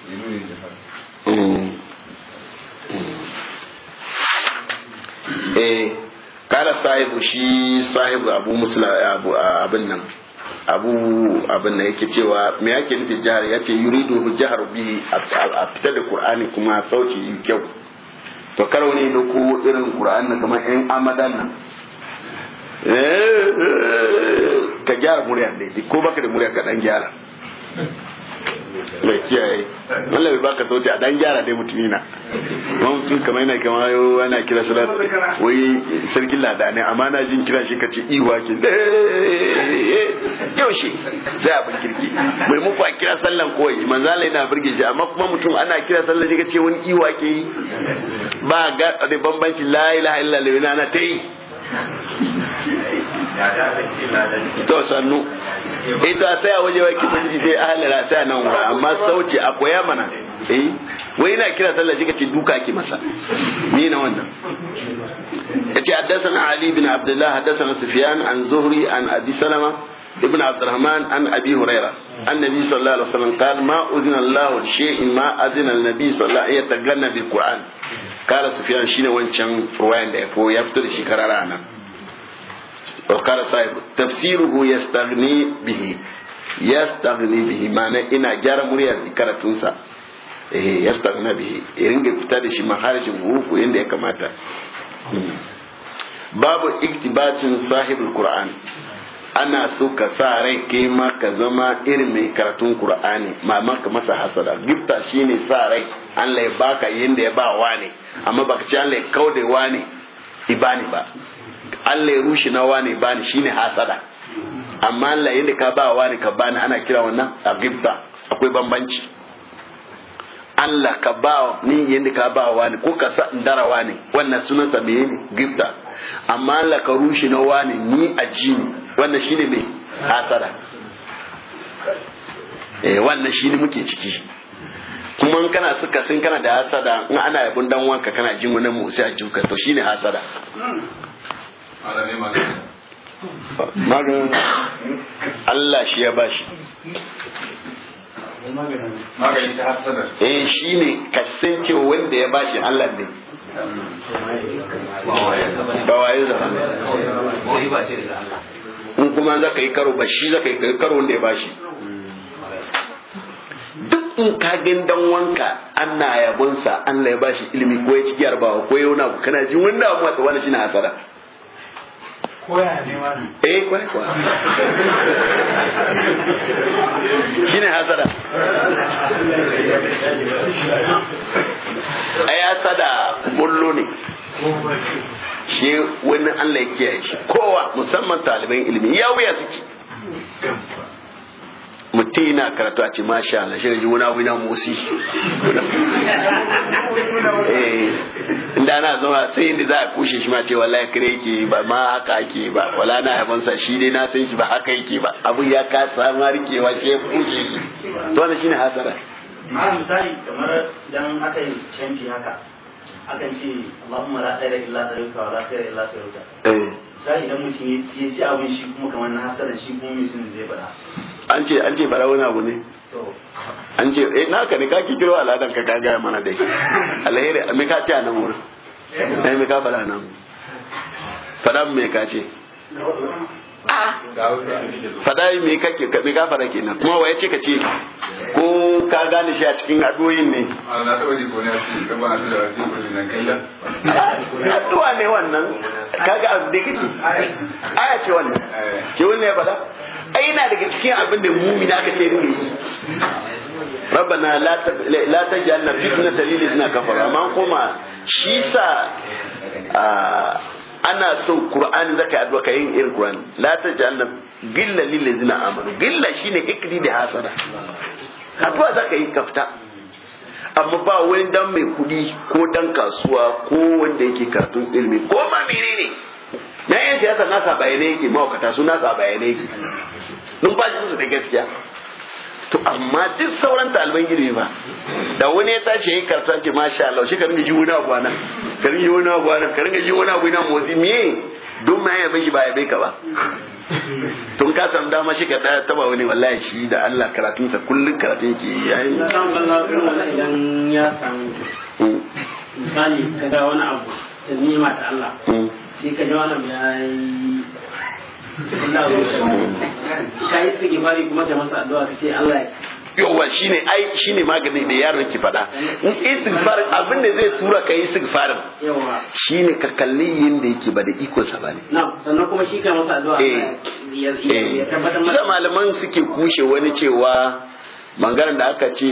hmm, hmm. eh kala sahibu shi sahibu abu musla abin nan abu abin da yake cewa me yake nufin jihar ya ce yuridu jihar bi a fita da qur'ani kuma sauci yi kyau to karo ne da ku irin qur'ani kamar yan amadan nan eh, eh, eh, ka gyara murya ne ko baka da murya ka dan gyara mai kiyaye wallahi ka sauce a dan gyara dai mutumi na mutum kamar yana kama ana kira salat wai sarkin lada ne amma na jin kira shi kace iwa ki yau shi sai abin kirki mai muku a kira sallan koyi manzala yana burge shi amma kuma mutum ana kira sallan shi kace wani iwa ke yi ba ga da bambanci la ilaha illallah ana ta yi to sannu ita eh, a waje wai kitan ji sai ahalara saya a nan wura amma sauce a koya mana eh wai ina kira sallah shi kace duka ki masa ni na wannan yace haddathana ali bin abdullah haddathana sufyan an zuhri an abi salama ابن عبد الرحمن عن ابي هريره النبي صلى الله عليه وسلم قال ما اذن الله شيء ما اذن النبي صلى الله عليه وسلم يتغنى بالقران قال سفيان شينه wancan ruwayan da ya fito ya fito da shi karara وقال صاحب تفسيره يستغني به يستغني به معنى إنا جار مريا ذكرتنسا eh yastagna bihi da shi maharajin ya kamata hmm. babu iktibatin sahibul qur'an ana so ka sa rai kai ma ka zama irin mai karatun qur'ani mama ka masa hasada gifta shine sa rai Allah ya baka yanda ya ba wani amma baka ci Allah ya kaude wani ibani ba Allah ya rushe na wani bani shine hasada amma Allah yadda ka ba wani ka bani ana kira wannan agibba akwai bambanci Allah ka ba ni yadda ka ba wani ko ka sa dara wani wannan sa me ne gibda amma Allah ka rushe na wani ni a jini wannan shine mai hasada eh wannan shine muke ciki kuma in kana suka sun kana da hasada in ana yabun dan wanka kana jin wani musu a jinka to shine hasada maganin Allah shi ya ba shi eh shi ne kasance wanda ya ba shi Allah ne ba waye zama in kuma za ka yi karo ba shi za ka yi karo wanda ya ba shi duk in ka gan dan wanka ana yabonsa Allah ya ba shi ilimi ko ya ci gyarbawa ko ya wuna abu kana jin wanda abu wata wani shi na hasara eh kwai kwa a hasada sada hasada bullo ne shi wani Allah ya kiyaye shi kowa musamman taliban ilimi ya wuya suke mutum yana karatu a ce masha Allah shi ji wani abu yana motsi eh, inda ana zauna sai inda za a kushe shi ma ce wala wallahi kire ke. ba ma haka ake ba wala na yaban sa shi dai na san shi ba haka yake ba abun ya kasa ma rikewa sai ya kushe shi to wannan shine hasara ma misali kamar dan aka yi canfi haka akan ce Allahumma la ilaha illa anta wa la ilaha illa anta eh. sai idan mutum ya ji abun shi kuma kamar na hasaran shi kuma mutum zai bada an ce an ce bara wani abu ne an ce eh naka ne ka ki kiro aladan ka ka gaya mana dai alheri me ka ce nan wurin sai eh. eh, me ka fara nan fara me ka ce fada mai kake ka gafara ke kenan kuma waye ce ka ce ko ka gane shi a cikin adoyin ne addu'a ne wannan kaga abu da kake aya ce wannan eh. ke wannan ya fada ai na daga cikin abin da mumina aka ce ne rabbana la tajalna fitnatan lil ladina kafaru ma koma shi sa ah, ana so qur'ani zaka yi addu'a kayin irin qur'ani la taj'alna gilla lil ladzina amanu gilla shine ikdi da hasada addu'a zaka yi kafta amma ba wani dan mai kudi ko dan kasuwa ko wanda yake karatun ilimi ko ma menene yayin siyasa nasa bayanai yake maukata su nasa bayanai yake numfashin musu da gaskiya to amma duk sauran talibai gidi ba da wani ya tashi yayi karta ce masha Allah shi ka ringa ji wani abuwa nan ka ringa ji wani abuwa nan ka ringa ji wani abuwa na motsi me don ma ya bashi ba ya bai ka ba tun ka san dama shi ka ta taba wani wallahi shi da Allah karatun sa kullun karatun ki yayi idan ya samu mm. misali ka ga wani abu ta nima ta Allah mm. sai ka ji wani ya yi ka yi sigifari kuma da masa addu'a ka ce Allah ya yawa shine ai shine magani da yaron ki faɗa in istighfar abin da zai tura ka yi istighfarin shine ka kalli yin da yake ba da iko sa bane na'am sannan kuma shi kai masa addu'a eh. ya tabbatar malaman suke kushe wani cewa mangaran da aka ce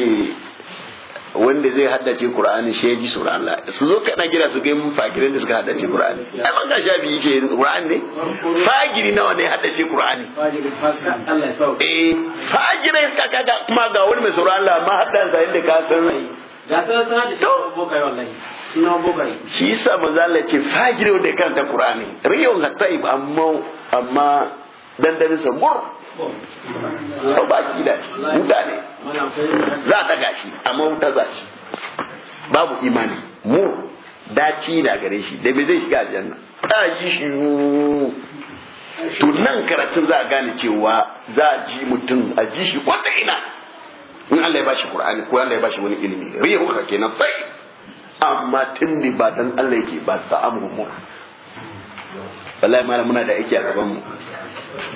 wanda zai haddace Qur'ani shi ya ji tsoron Allah su zo kana gida su ga mun da suka haddace Qur'ani ai ban ga shafi yace Qur'ani ne fagiri nawa ne haddace Qur'ani eh fagirai ka kaga kuma ga wani mai sura Allah ma haddan sa inda ka san da shi bokai wallahi yasa manzo Allah ce fagiri da kanta Qur'ani riyon hatta amma amma dandamin sa mur sau baki da shi wuta ne za a daga shi amma wuta za shi babu imani mur daci na gare shi da bai zai shiga aljanna ta ji shi to nan karatun za a gane cewa za a ji mutum a ji shi wata ina in Allah ya bashi Qur'ani ko Allah ya bashi wani ilimi rihuka kenan sai amma tun da ba dan Allah yake ba ta amuru mu wallahi malamu muna da aiki a gaban mu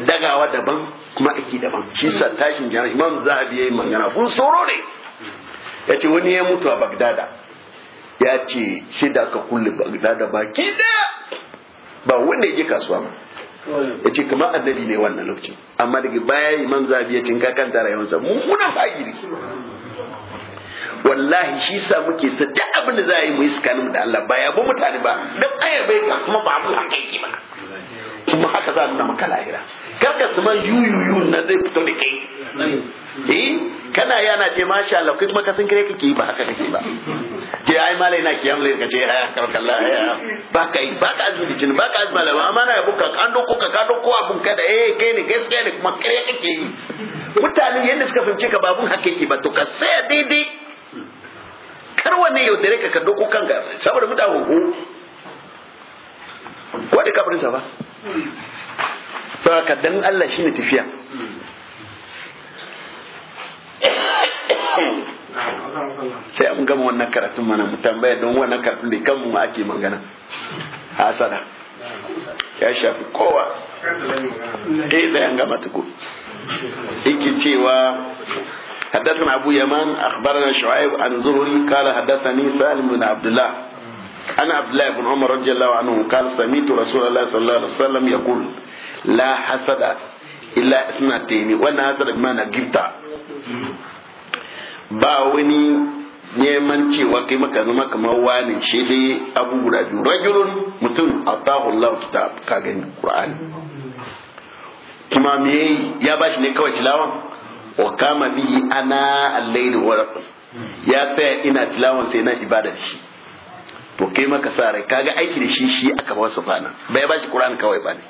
dagawa daban kuma aiki daban shi sa tashin jihar imam zahabi ya magana kun tsoro ne ya ce wani ya mutu a bagdada ya ce shi da aka kulle bagdada ki daya ba wanda ya je kasuwa ba ya ce kamar annabi ne wannan lokaci amma daga baya imam zahabi ya cinka kan da rayuwarsa mummunan fagiri wallahi shi sa muke sa duk abin da za a yi mu yi da Allah ba ya bi mutane ba don ayabai ga kuma ba mu haƙaƙi ba kuma haka za a nuna maka lahira karka su man yuyuyu na zai fito da kai eh kana yana ce masha Allah kai kuma ka san kare kake ba haka kake ba ke ai malai na kiyam lai kace ha Allah ya ba kai ba ka azumi jin ba ka azumi amma na yabo ka an doko ka ka ko abun ka da eh kai ne gaskiya ne kuma kare kake yi mutane yanda suka fince ka babun haka kake ba to ka tsaya daidai kar wani yau dare ka ka ko kanka saboda mutane ko wanda kabarin sa ba saboda dan Allah shi ne tafiya sai an gama wannan karatun mana mu tambaya don wannan karatun da kanmu ma ake magana hasada ya shafi kowa eh da yan gama tuku yake cewa حدثنا أبو يمان أخبرنا شعيب عن زهري قال حدثني سالم بن عبد الله عن عبد الله بن عمر رضي الله عنه قال سمعت رسول الله صلى الله عليه وسلم يقول لا حسد إلا اثنتين وانا حسد بمعنى جبتا ba wani neman cewa kai maka zama kamar wani shi dai abu guda biyu rajulun mutum atahu Allah kitab ka gani Qur'ani kuma me ya bashi ne kawai tilawan wa kama bihi ana al-layl ya tsaya ina tilawan sai na ibada shi to kai maka sa rai kaga aiki da shi shi aka ba su fana bai ba shi Qur'an kawai ba ne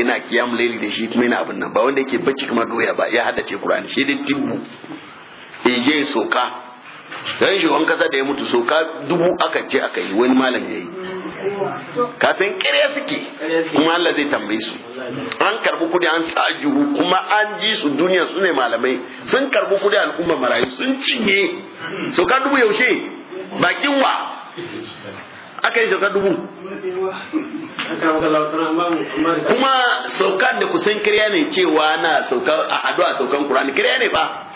ina kiyam laili da shi kuma ina abin nan ba wanda yake bacci kamar doya ba ya hada ce Qur'an shi dai tibbu e eh, je soka dan shi wanka sa da ya mutu soka dubu aka ce aka yi wani malam ya yayi kafin kare suke kuma Allah zai tambaye su an karbi kudi an sa juhu kuma an ji su duniya su ne malamai sun karbi kudi al'umma marayu sun cinye soka dubu yaushe bakin wa aka yi sauka dubu kuma saukar da kusan kirya ne cewa na sauka a addu'a saukan kurani kirya ne ba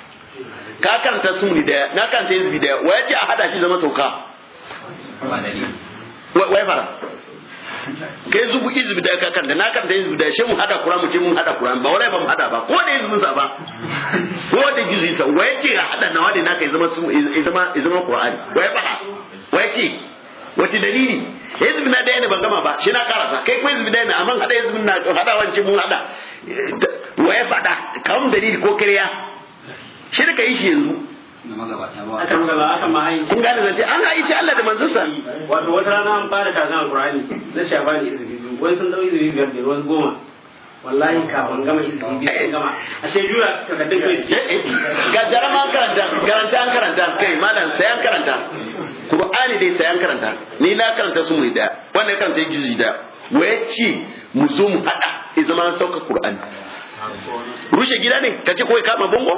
ka karanta ni daya na karanta hizbi daya waya ce a hada shi zama sauka waya fara kai zubu hizbi daya ka da na karanta hizbi daya shi mun hada kuran mu ce mun hada kuran ba wala ba mun hada ba ko da hizbin sa ba ko da gizi sa ya ce a hada nawa ne naka zama zama zama kurani waya fara ya ce wace dalili hizbi na daya ne ban gama ba shi na karasa kai kuma hizbi daya ne amma hada hizbi na hada wancan mun hada wa ya fada kam dalili ko kariya shi da yi shi yanzu kun gane zance an hayi ce Allah da manzansa wato wata rana an fara na shafani izbi wani sun dau izbi biyar da wasu goma wallahi kafin gama izini bi sun gama ashe jura takardun kai su eh, eh, gaddara ma karanta karanta an karanta kai malam sai an karanta qur'ani dai sai an karanta ni na karanta su mu da wanda ya karanta juzi da waye ce mu zo mu hada ya zama an sauka qur'ani rushe gida ne ka ce kawai kama bongo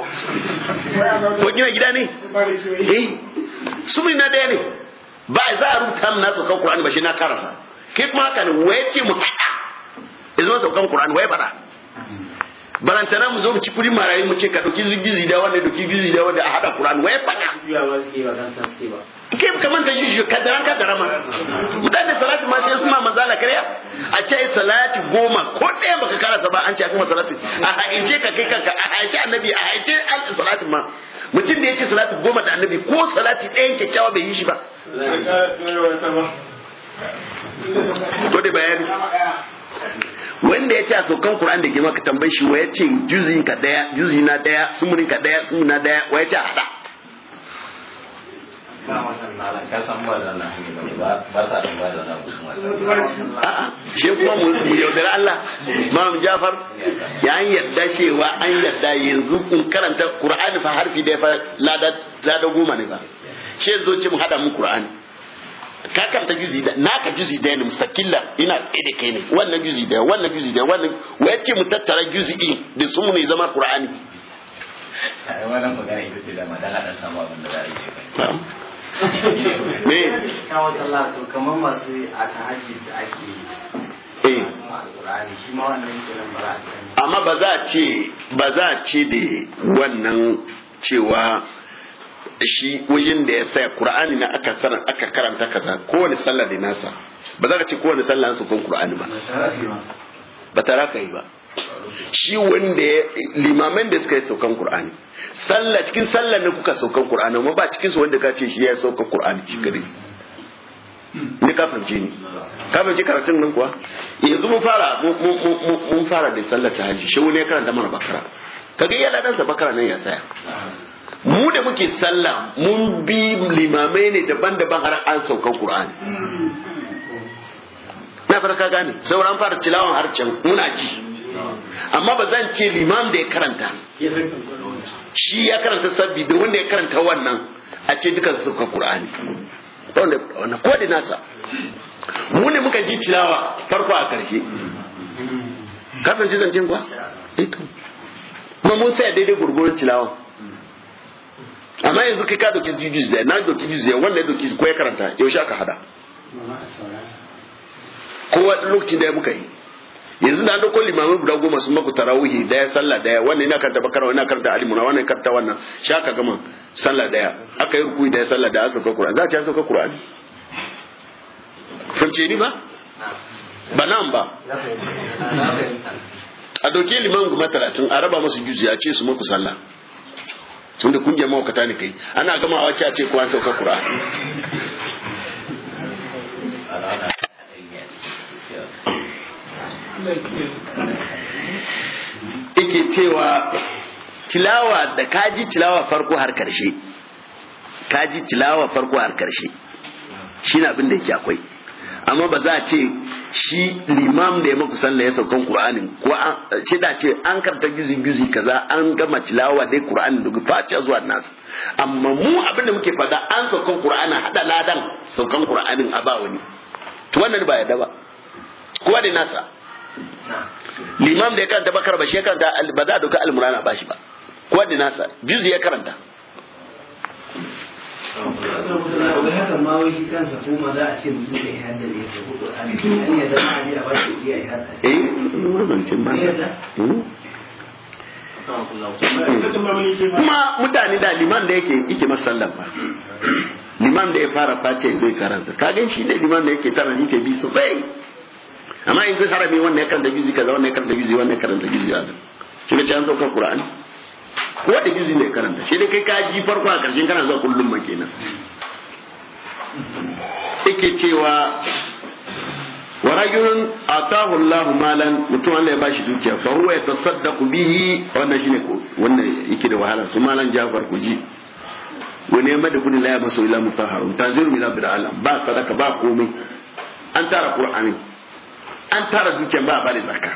ko gina gida ne eh su mu na daya ne ba za a rubuta mun na sauka qur'ani ba shi na karanta kai kuma haka waye ce mu hada izuwa saukan Qur'an wai bada? barantana mu zo mu ci kudin marayu mu ce ka doki gizi da wanda doki gizi da wanda a haɗa Qur'an wai bara kai kaman da yi kadaran kadara ma mutane salati ma sai su ma manzala kariya a ce salati goma ko ɗaya baka karasa ba an ce kuma salati a haice ka kai kanka a haice annabi a haice an salati ma mutum da ya ce salati goma da annabi ko salati ɗayan kyakkyawa bai yi shi ba to da bayani wanda ya ce a saukan Qur'an da girma ka tambaye shi wa ya ce juzin ka daya juzi na daya sumurin ka daya sumun na daya wa ya ce a hada shi kuma mu yaudar Allah Imam Jafar ya an yarda cewa an yarda yanzu in karanta Qur'ani fa harfi da ya fa lada goma ne ba shi zo ce mu hada mu Qur'ani ka kanta juzi da naka juzi da ne mustaqilla ina tsaye da kai ne wannan juzi da wannan juzi da wannan wai ce mu tattara juzi din da su ne zama eh. qur'ani amma ba za ce ba za a ce da wannan cewa shi wajen da ya saya Qur'ani na aka sanar aka karanta kaza kowane sallah da nasa ba za ka ce kowane sallah nasa kun Qur'ani ba ba tara ka yi ba shi wanda ya da suka yi saukan Qur'ani sallah cikin sallah ne kuka saukan Qur'ani amma ba cikin su wanda ka ce shi ya sauka Qur'ani shi kare ni ka fahimce ni ka fahimci karatun nan kuwa yanzu mun fara mun fara da sallah ta haji shi wani ya karanta mana bakara kaga yana dan sa bakara nan ya saya mu da muke sallah mun bi limamai ne daban-daban har an sauka Qur'ani na farka gane sauran fara tilawan har can muna ji amma ba zan ce limam da ya karanta shi ya karanta sabbi da wanda ya karanta wannan a ce dukkan sauka Qur'ani wanda ko da nasa mu ne muka ji tilawa farko a karshe kasance zancen kwa? Ito. Eh Kuma mun sai daidai gurgurun tilawan. amma yanzu kai ka doki jujus da na doki jujus da wannan doki ko ya karanta yaushe aka hada kowa lokacin da ya muka yi yanzu da an limamin guda goma sun maku tarawihi daya sallah daya wannan ina karanta bakara wannan karanta alimuna wannan karanta wannan shaka gama sallah daya aka yi rukui daya sallah daya sauka qur'ani za ta sauka qur'ani fahimce ni ba ba nan ba a doki liman goma talatin a raba masu juzi a ce su maku sallah tunda kungiyar mahaukata ne kai ana gama wace a ce ko an sauka kura ike cewa tilawa da kaji tilawa farko har karshe kaji tilawa farko har karshe shi na abin da yake akwai amma ba za a ce shi limam da ya maku sallah ya saukan qur'ani ko ce da ce an karta gizi gizi kaza an gama tilawa dai qur'anin daga fatiha zuwa nas amma mu abin da muke fada an saukan qur'ana hada ladan saukan qur'ani a ba wani to wannan ba yadda ba kowa da nasa limam da ya karanta bakar ba shi ya karanta ba za a dauka almurana ba shi ba kowa da nasa gizi ya karanta ba wai ma wai shi kansa za a ce mutum haddar ya da ma'ani a ya haddar eh ba hmm? kuma mutane da liman da yake yake masallan ba liman da ya fara face zai karanta ka gan shi ne liman da yake tara yake bi su bai amma in zai harami wannan ya karanta juzi kaza wannan ya karanta juzi wannan ya karanta juzi kaza shi ne can saukar Qur'ani ko da juzi ne karanta shi dai kai ka ji farko a karshen kana zuwa kullum ma kenan ike cewa wa rajulun atahu Allahu malan mutum Allah ya bashi dukiya fa huwa ya tasaddaqu bihi wannan shine ko wannan yake da wahala su malan Jafar ku ji wani ya mada kudin laya maso ila mutahharun tanziru min rabbil alam ba sadaka ba komai an tara qur'ani an tara dukiya ba ba zakka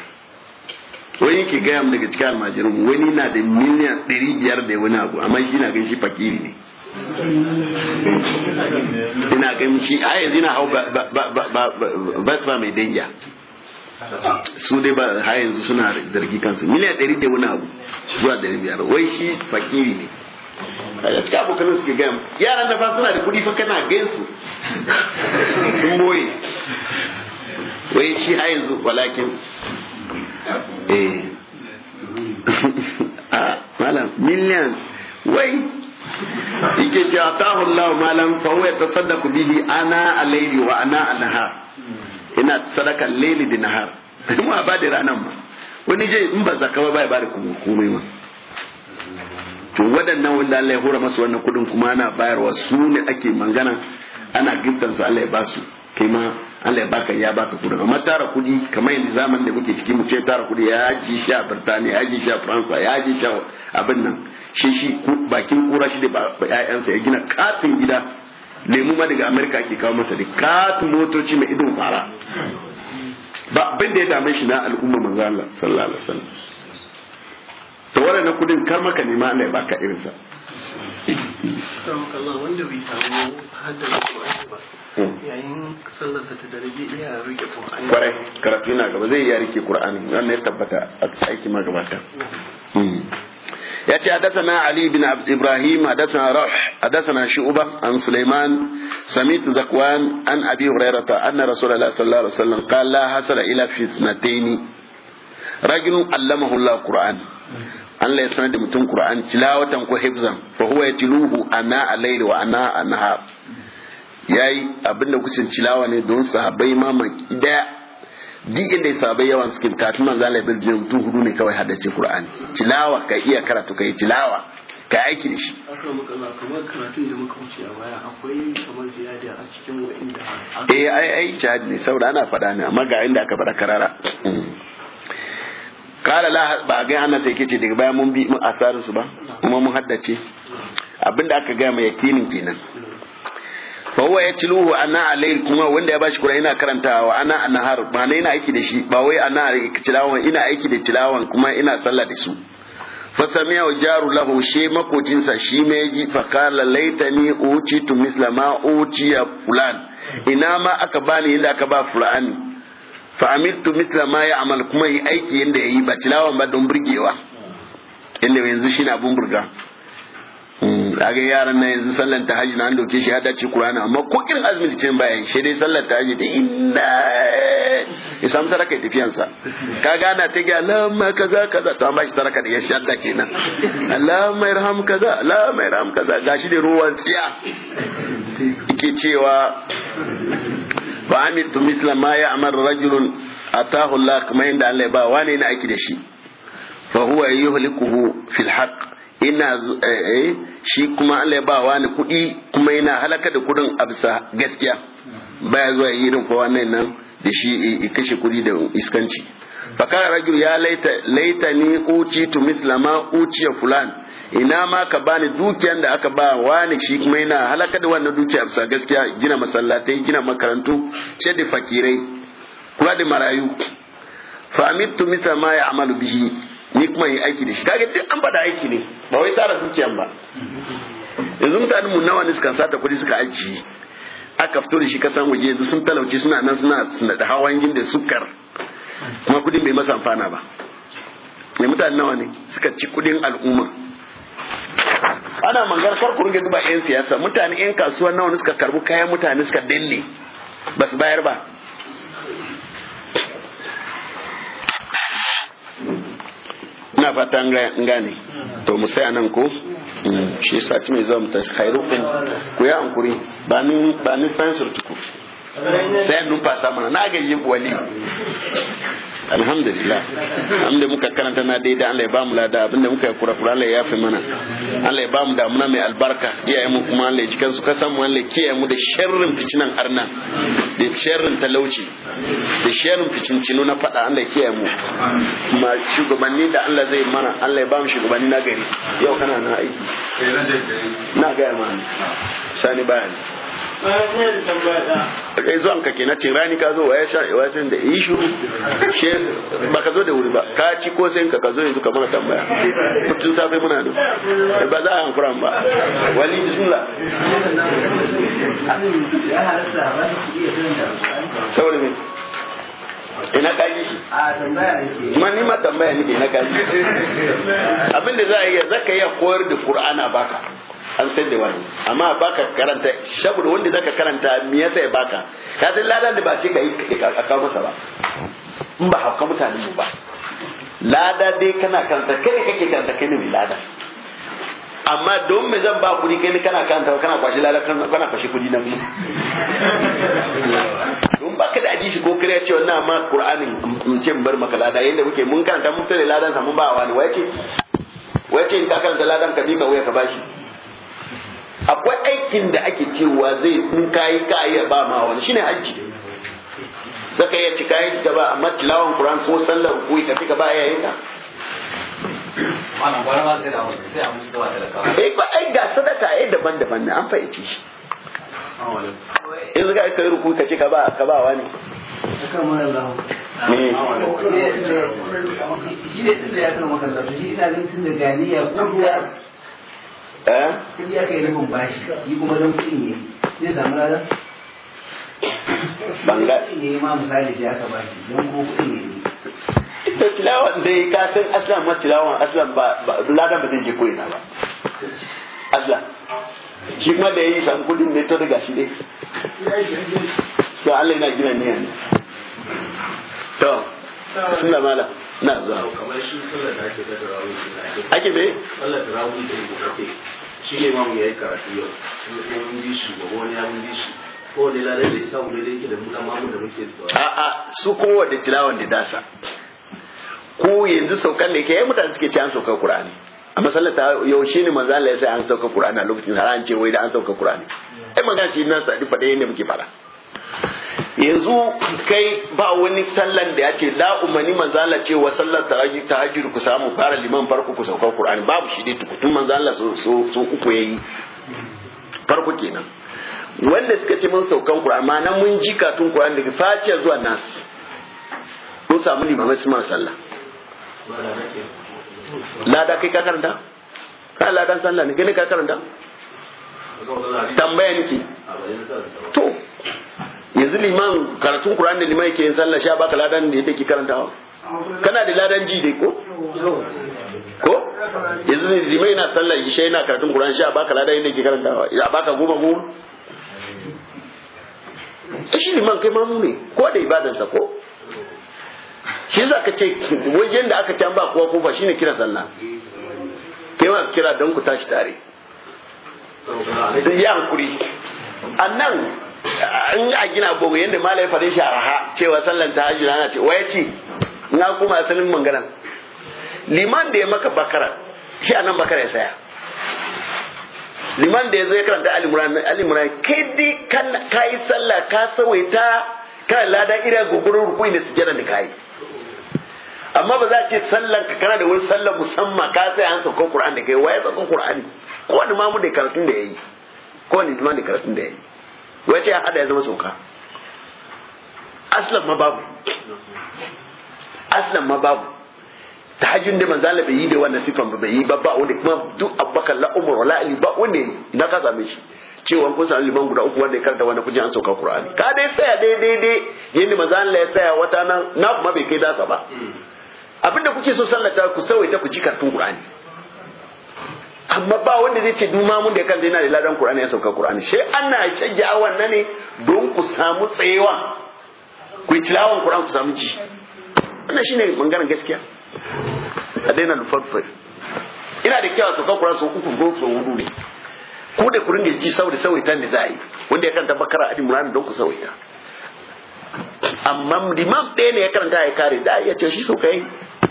wani yake gaya mu daga cikin almajirin wani na da miliyan 500 da wani abu amma shi na gan shi fakiri ne ina gamshi a yanzu ina hau basma mai danya su dai ba ha yanzu suna zargi kansu miliyan ɗari da wani abu zuwa ɗari biyar wai shi fakiri ne a cikin abokanin suke gaya yaran da fa suna da kuɗi fa kana gain su sun boye wai shi ha yanzu walakin eh a ah, malam miliyan wai yake ce atahu Allah malam fa huwa yatasaddaqu bihi ana alayhi wa ana alaha ina sadaka laili da nahar mu ba da ranan ma wani je in ba zaka ba bai ba da komai ma to waɗannan wanda Allah ya hura masu wannan kudin kuma ana bayarwa su ne ake mangana ana gintan su Allah ya ba su kai ma Allah ya baka ya baka kudi amma tara kudi kamar yanzu zaman da muke ciki mu ce tara kudi ya ji shi a Birtaniya ya ji shi a Faransa ya ji shi abin nan shi shi bakin kura shi da ƴaƴansa ya gina katin gida lemu ma daga Amerika ake kawo masa da katin motoci mai idon fara ba abin da ya dame shi na al'umma manzo Allah sallallahu alaihi wasallam to wannan kudin kar maka nema Allah ya baka irinsa wanda bai samu hadda ba Hmm. yayin sallarsa ta dare zai iya rike Qur'ani kwarai karatu yana gaba zai iya rike Qur'ani wannan ya tabbata a aiki magabata hmm. ya ce hadathana Ali bin Ibrahim hadathana Rauh hadathana Shu'ba an Sulaiman samit Zakwan an Abi Hurairah anna Rasulullah sallallahu alaihi wasallam qala la hasala ila fitnatayn rajulun allamahu Allah Qur'an Allah ya sanar da mutum Qur'an tilawatan ko hifzan fa huwa yatluhu ana al-layli wa ana an-nahar yayi abinda kusan cilawa ne don sahabai ma daya duk inda sahabai yawan suke kafin manzo Allah bil jin mutum hudu ne kawai haddace Qur'ani cilawa ka iya karatu kai cilawa ka aiki da shi kamar karatun da muka wuce a baya akwai kamar ziyada a cikin eh ai ai jihad ne saboda ana faɗa ne amma ga inda aka faɗa karara kala mm. la ba ga ana sai kace daga baya mun bi mun asarin su ba kuma mun haddace abinda aka ga mai yakinin kenan fa huwa yatluhu ana alayl kuma wanda ya bashi Qur'an yana karantawa ana anahar ba ne yana aiki da shi ba wai ana tilawan ina aiki da tilawan kuma ina sallah da su fa sami'a jaru lahu she makocinsa shi mai ji fa qala laitani tu misla ma ya fulan ina ma aka bani yadda aka ba fulan fa amiltu misla ma amal kuma yi aiki yadda yayi ba tilawan ba don burgewa inda yanzu shine abun burga kaga yaran nan yanzu sallar ta hajji na an doke shi ya dace Qur'ani amma ko irin azumin cin bayan shi dai sallan ta hajji da inna ya samu saraka ya tafiyan sa kaga ta ga lamma kaza kaza ta an shi saraka da ya shadda kenan lamma irham kaza lamma irham kaza gashi da ruwan tsiya yake cewa fa amiltu misla ma ya amara rajulun atahu Allah kamar Allah ya ba ne aiki da shi fa huwa yuhlikuhu fil haqq ina eh, eh, shi kuma Allah ya ba ni kuɗi kuma yana halaka da kuɗin a bisa gaskiya baya zuwa irin kowa wannan nan da shi kashe kuɗi da iskanci Bakara rajul ya laita laita ni uci tu mislama uci ya fulan ina ma ka bani dukiyar da aka ba wa ni shi kuma yana halaka da wannan dukiya bisa gaskiya gina masallatai gina makarantu ce da fakirai kula da marayu fa amittu mislama ya amalu bihi ni kuma yi aiki da shi kage duk an bada aiki ne ba wai tsara dukiyan ba yanzu mutanen mu nawa ne suka sata kuɗi suka ajiye aka fito da shi kasan waje yanzu sun talauci suna nan suna suna da hawan yin da sukar kuma kudin bai masa amfana ba ne mutane nawa ne suka ci kudin al'umma ana mangar kar ku ringa duba yan siyasa mutane yan kasuwa nawa ne suka karbu kayan mutane suka danne ba su bayar ba fata gane to mu sai nan ko mm, shi sati mai zuwa mu tashi khairu din ku ya hankuri ba ni ba ni sponsor tuku sai numfasa mana na gaji wali alhamdulillah abinda muka karanta na daidai Allah ya bamu lada abinda muka yi kurakura Allah ya yafe mana Allah ya bamu damuna mai albarka iyaye mu kuma Allah ya cikan su san mu Allah ya kiyaye mu da sharrin ficinan arna da sharrin talauci da sharrin ficincinu na fada Allah ya kiyaye mu ma shugabanni da Allah zai mana Allah ya bamu shugabanni na gari yau kana na aiki na ga mana sani bayani kai kai an ka na cin rani ka zo sha ya san da ishu she ba ka zo da wuri ba ka ci ko sai ka ka zo yanzu ka mana tambaya Mutun safe muna nan ba za a hankuran ba wali bismillah saboda me ina kaji shi kuma ni ma tambaya nake ina kaji abin da za a yi zaka iya koyar da qur'ana baka an san da wani amma baka karanta saboda wanda zaka karanta me yasa ya baka ka san ladan da ba ce ka yi ka kawo masa ba in ba hauka mutanen mu ba lada dai kana karanta kai kake karanta kai ne lada amma don me zan ba kuɗi kai ne kana karanta kana kwashi lada kana kwashi kuɗi na mu don ba ka da hadisi ko kare cewa na ma qur'anin in ce bar maka lada yanda muke mun karanta mun fere ladan sa mun ba wani wace wace in ka karanta ladan ka bi ka waya ka bashi akwai aikin da ake cewa zai in kayi ka iya ba ma wani shine hajji zaka iya cika yi da ba amma tilawan Qur'an ko sallar ko ka fika ba yayin ka Eh ba ai ga sadaka ai daban-daban ne an fahimci shi. In ka kai ruku ka ce ka ba ka ba wani. Me? Shi ne tun da ya kan shi ina ganin tun da ganiya ko eh kudi yi bashi kuma don samu banga don ita tilawan dai ka aslan ma tilawan aslan ba ladan ba zai je koyina ba aslan shi kuma da ya yi san kudin ne to daga shi dai to Allah yana gina ne to suna mala na zuwa ake me shi ne mamu ya yi karatu yau mun bi shi gobe wani ya mun bi shi ko ne lalai da isa wuri da yake da muna mamu da muke zuwa a'a su kowa da tilawan da dasa ko yanzu saukan da ke yi mutane suke ci an saukar kur'ani a masallata yau shi ne manzo Allah ya sai an sauka Qur'ani a lokacin har an ce wai da an sauka Qur'ani ai magana shi nan sa dufa da yanda muke fara yanzu kai ba wani sallan da ya ce la umani manzala ce wa sallar tahajjud ku samu fara liman farko ku saukar qur'ani babu shi dai tukutun manzala so so so uku yayi farko kenan wanda suka ce mun saukan qur'ani ma nan mun ji katun qur'ani daga fatiha zuwa nas ko samu limamai su sallah lada kai ka karanta ka ladan sallah ne kai ka karanta tambaya nake to yanzu liman karatun Quran da liman yake yin sallah sha baka ladan da yake karantawa kana da ladan ji dai ko ko yanzu liman yana sallah isha yana karatun Qur'ani sha baka ladan yadda yake karantawa ya baka goma goma shi liman kai mamu ne ko da sa ko shi za ka ce wajen da aka can ba kowa ba shine kira sallah kai ma kira don ku tashi tare ya hankuri annan an yi a gina agogo yadda malai fare shi arha cewa sallan ta hajji rana ce waya ce na kuma asalin mangana. liman da ya maka bakara shi anan bakara ya saya liman da ya zai karanta alimura kai ka yi sallah ka sawaita kan lada ira gugurin rukuni da sujjada da kayi amma ba za a ce sallan ka kana da wani sallan musamman ka sai an sauko Qur'an da kai waye sauko Qur'ani ko wani mamu da karatun da yi, ko wani da karatun da yi. wai sai hada ya zama sauka aslan ma babu aslan ma babu tahajjun da manzo Allah bai yi da wannan sifan ba bai yi ba ba wani kuma duk abbakan la umar wala ali ba wani na ka same shi cewa kun san liman guda uku wanda ya karanta wanda kuje an sauka qur'ani ka dai tsaya dai dai dai yanda manzo Allah ya tsaya wata nan na kuma bai kai dasa ba hmm. abinda kuke so sallata ku ta ku ji karatun qur'ani amma ba wanda zai ce duma mun da kan yana da ladan Qur'ani ya sauka Qur'ani sai ana cage awan nan ne don ku samu tsayewa ku yi tilawan Qur'ani ku samu ci wannan shine bangaren gaskiya a daina lufafar ina da kyau sauka Qur'ani sau uku ko sau hudu ne ko da ku ringa ji saboda sawaita ne za a yi wanda ya karanta bakara a murani don ku sawaita amma liman ɗaya ne ya karanta ya kare da ya ce shi sauka yi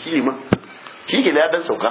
shi liman shi ke da ya dan sauka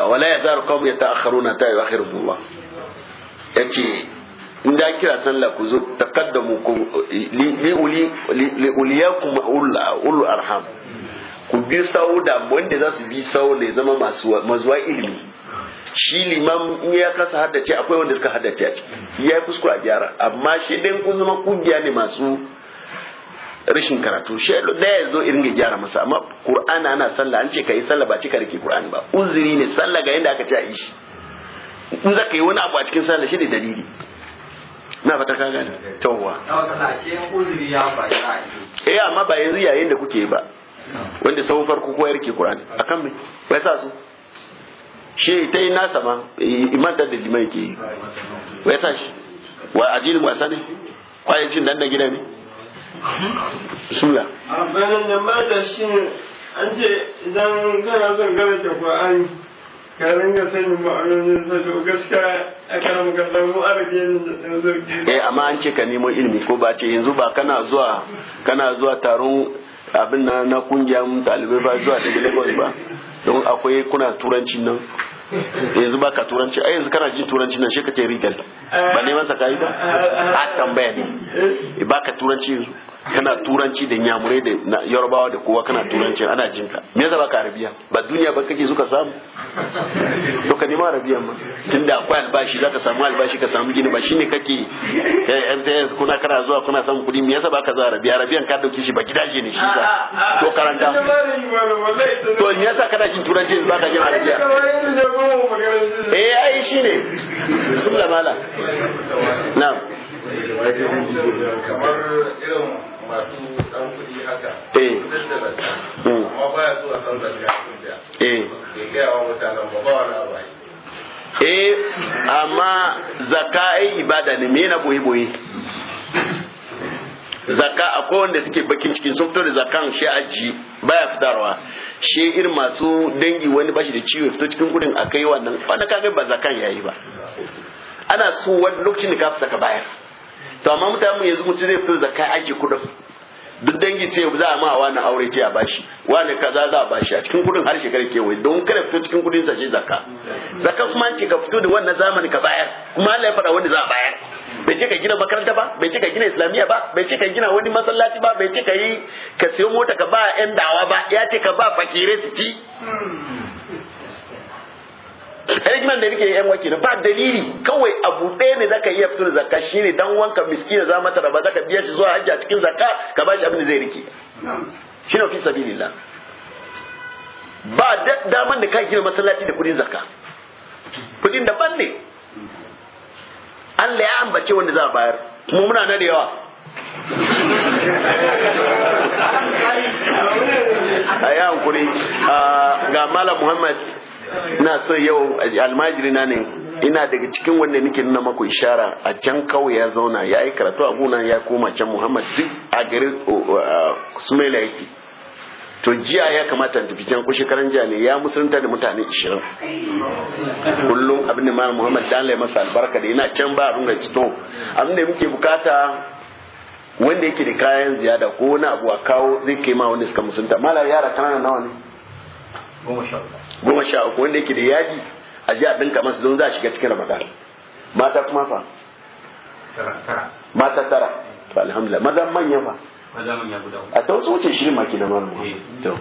wala ya zaru kawai ya na ta yi akhirullah yace in da kira sallah ku zo taqaddamu ku li uli li uliyakum ul arham ku bi sau da wanda za su bi sau ne zama masu mazuwa ilimi shi liman in ya kasa haddace akwai wanda suka haddace a yi ya kuskura a gyara amma shi din kun zama kungiya ne masu rashin karatu shi ɗaya ya zo irin ga gyara masa amma qur'ani ana sallah an ce ka yi sallah ba cika rike qur'ani ba uzuri ne sallah ga yanda aka ce a yi shi in za ka yi wani abu a cikin sallah shi ne dalili na fata ka gane tawwa eh amma ba yanzu yayin da kuke ba wanda sau farko ko ya rike qur'ani akan me ba sa su shi ta yi nasa ma eh, ta da limai ke yi wai sa shi wa ajilin wasa ne kwayacin dan da gida ne bismillah abin da ba ta shi an ce idan kana son karanta ka ringa sanin ma'anonin sa to gaskiya a mu eh amma an ce ka nemo ilimi ko ba yanzu ba kana zuwa kana zuwa taron abin na na kungiyar ɗalibai ba zuwa daga Lagos ba don akwai kuna turanci nan yanzu ba ka turanci ai yanzu kana jin turanci nan shi ka rigal ba neman sa ba eh, eh, a tambaya ne eh, ba ka turanci yanzu kana turanci da nyamurai da yarbawa da kowa kana turanci ana jinka me yasa baka arabiya ba duniya ba kake suka samu to ka nema arabiya ma tunda akwai albashi zaka samu albashi ka samu gini ba shine kake eh, MTS kuna kana zuwa kuna samu kudi me yasa baka za arabiya arabiyan ka dauke shi ba gidaje ne shi sa to karanta to me yasa kana jin turanci ba ka jin arabiya eh ai shine sun da mala na'am kamar irin masu dan kuɗi haka kudin eh. da zaka eh. amma baya zuwa san zaka kuɗi, eh bai gaya wa mutanen ba ba wani abu eh amma zaka ai ibada ne me boye boye zaka akwai wanda suke bakin cikin sun fito da zakan shi aji baya fitarwa shi ir masu dangi wani bashi da ciwo fito cikin kudin a kai wannan wanda ka ba zakan yayi ba ana so wani lokacin da ka fita ka bayar to amma mutane mu yanzu mutum zai fito da aji kudin duk dangi ce za a ma wani aure ce a bashi wani kaza za a bashi a cikin kudin har shekarar kewaye don kada fito cikin kudin sa shi zakka zakka kuma ce ka fito da wannan zamani ka bayar kuma Allah ya faɗa wanda za a bayar bai ce ka gina makaranta ba bai ce ka gina islamiyya ba bai ce ka gina wani masallaci ba bai ce ka yi ka siyo mota ka ba yan dawa ba ya ce ka ba fakire su ci hikimar da nake yan wakili ba dalili kawai abu ɗaya ne zaka iya fitar zakka shine dan wanka miskina za mata raba zaka biya shi zuwa hajji a cikin zakka ka bashi abin da zai rike shine fi sabilillah ba daman da ka gina masallaci da kudin zakka kudin daban ne Allah ya ambace wanda za a bayar Mu muna na da yawa a yi hankuri ah, ga malam muhammad ina so yau almajiri na ne ina daga cikin wanda nake nuna maku ishara a can kawai ya zauna ya yi karatu a guna ya koma can muhammad duk a gari sumaila yake to jiya ya kamata in tafi can ko shekaran jiya ne ya musulunta da mutane 20 kullum abin da malam muhammad dan lai masa albarka da ina can ba runga cito abin da muke bukata wanda yake da kayan ziyada ko wani abu a kawo zai kai ma wanda suka musulunta malam yara kanana nawa ne goma sha uku wanda yake da yaji a ji a kamar masa don za a shiga cikin ramadan mata kuma fa mata tara to alhamdulillah mazan manya fa a ta wasu wuce shirin maki na mamu eh.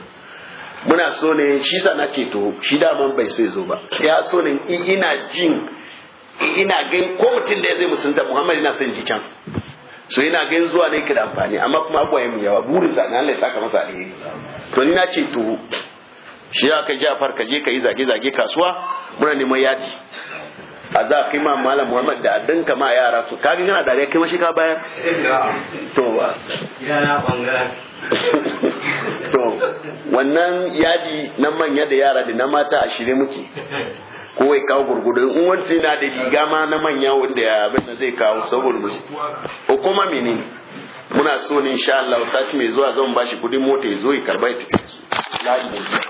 muna so ne shi sa na ce to shi daman bai so ya zo ba ya so ne ina jin ina gan ko mutum da ya zai musulunta muhammad yana son ji can so ina gan zuwa ne ki da amfani amma kuma abuwa yawa burin sa na Allah ya saka masa alheri to ni na ce to shi ya kai jafar ka je ka yi zage-zage kasuwa muna neman yaji a za kai ma malam muhammad da addin ka ma yara su kaga kana dariya kai mashi ka bayar to ba to wannan yaji na manya da yara da na mata a shirye muke ko ya kawo gurgudu in wancan na da riga ma na manya wanda ya abin da zai kawo saboda mu kuma menene muna so ne insha Allah sati mai zuwa zan bashi kudin mota ya zo ya karba ya tafi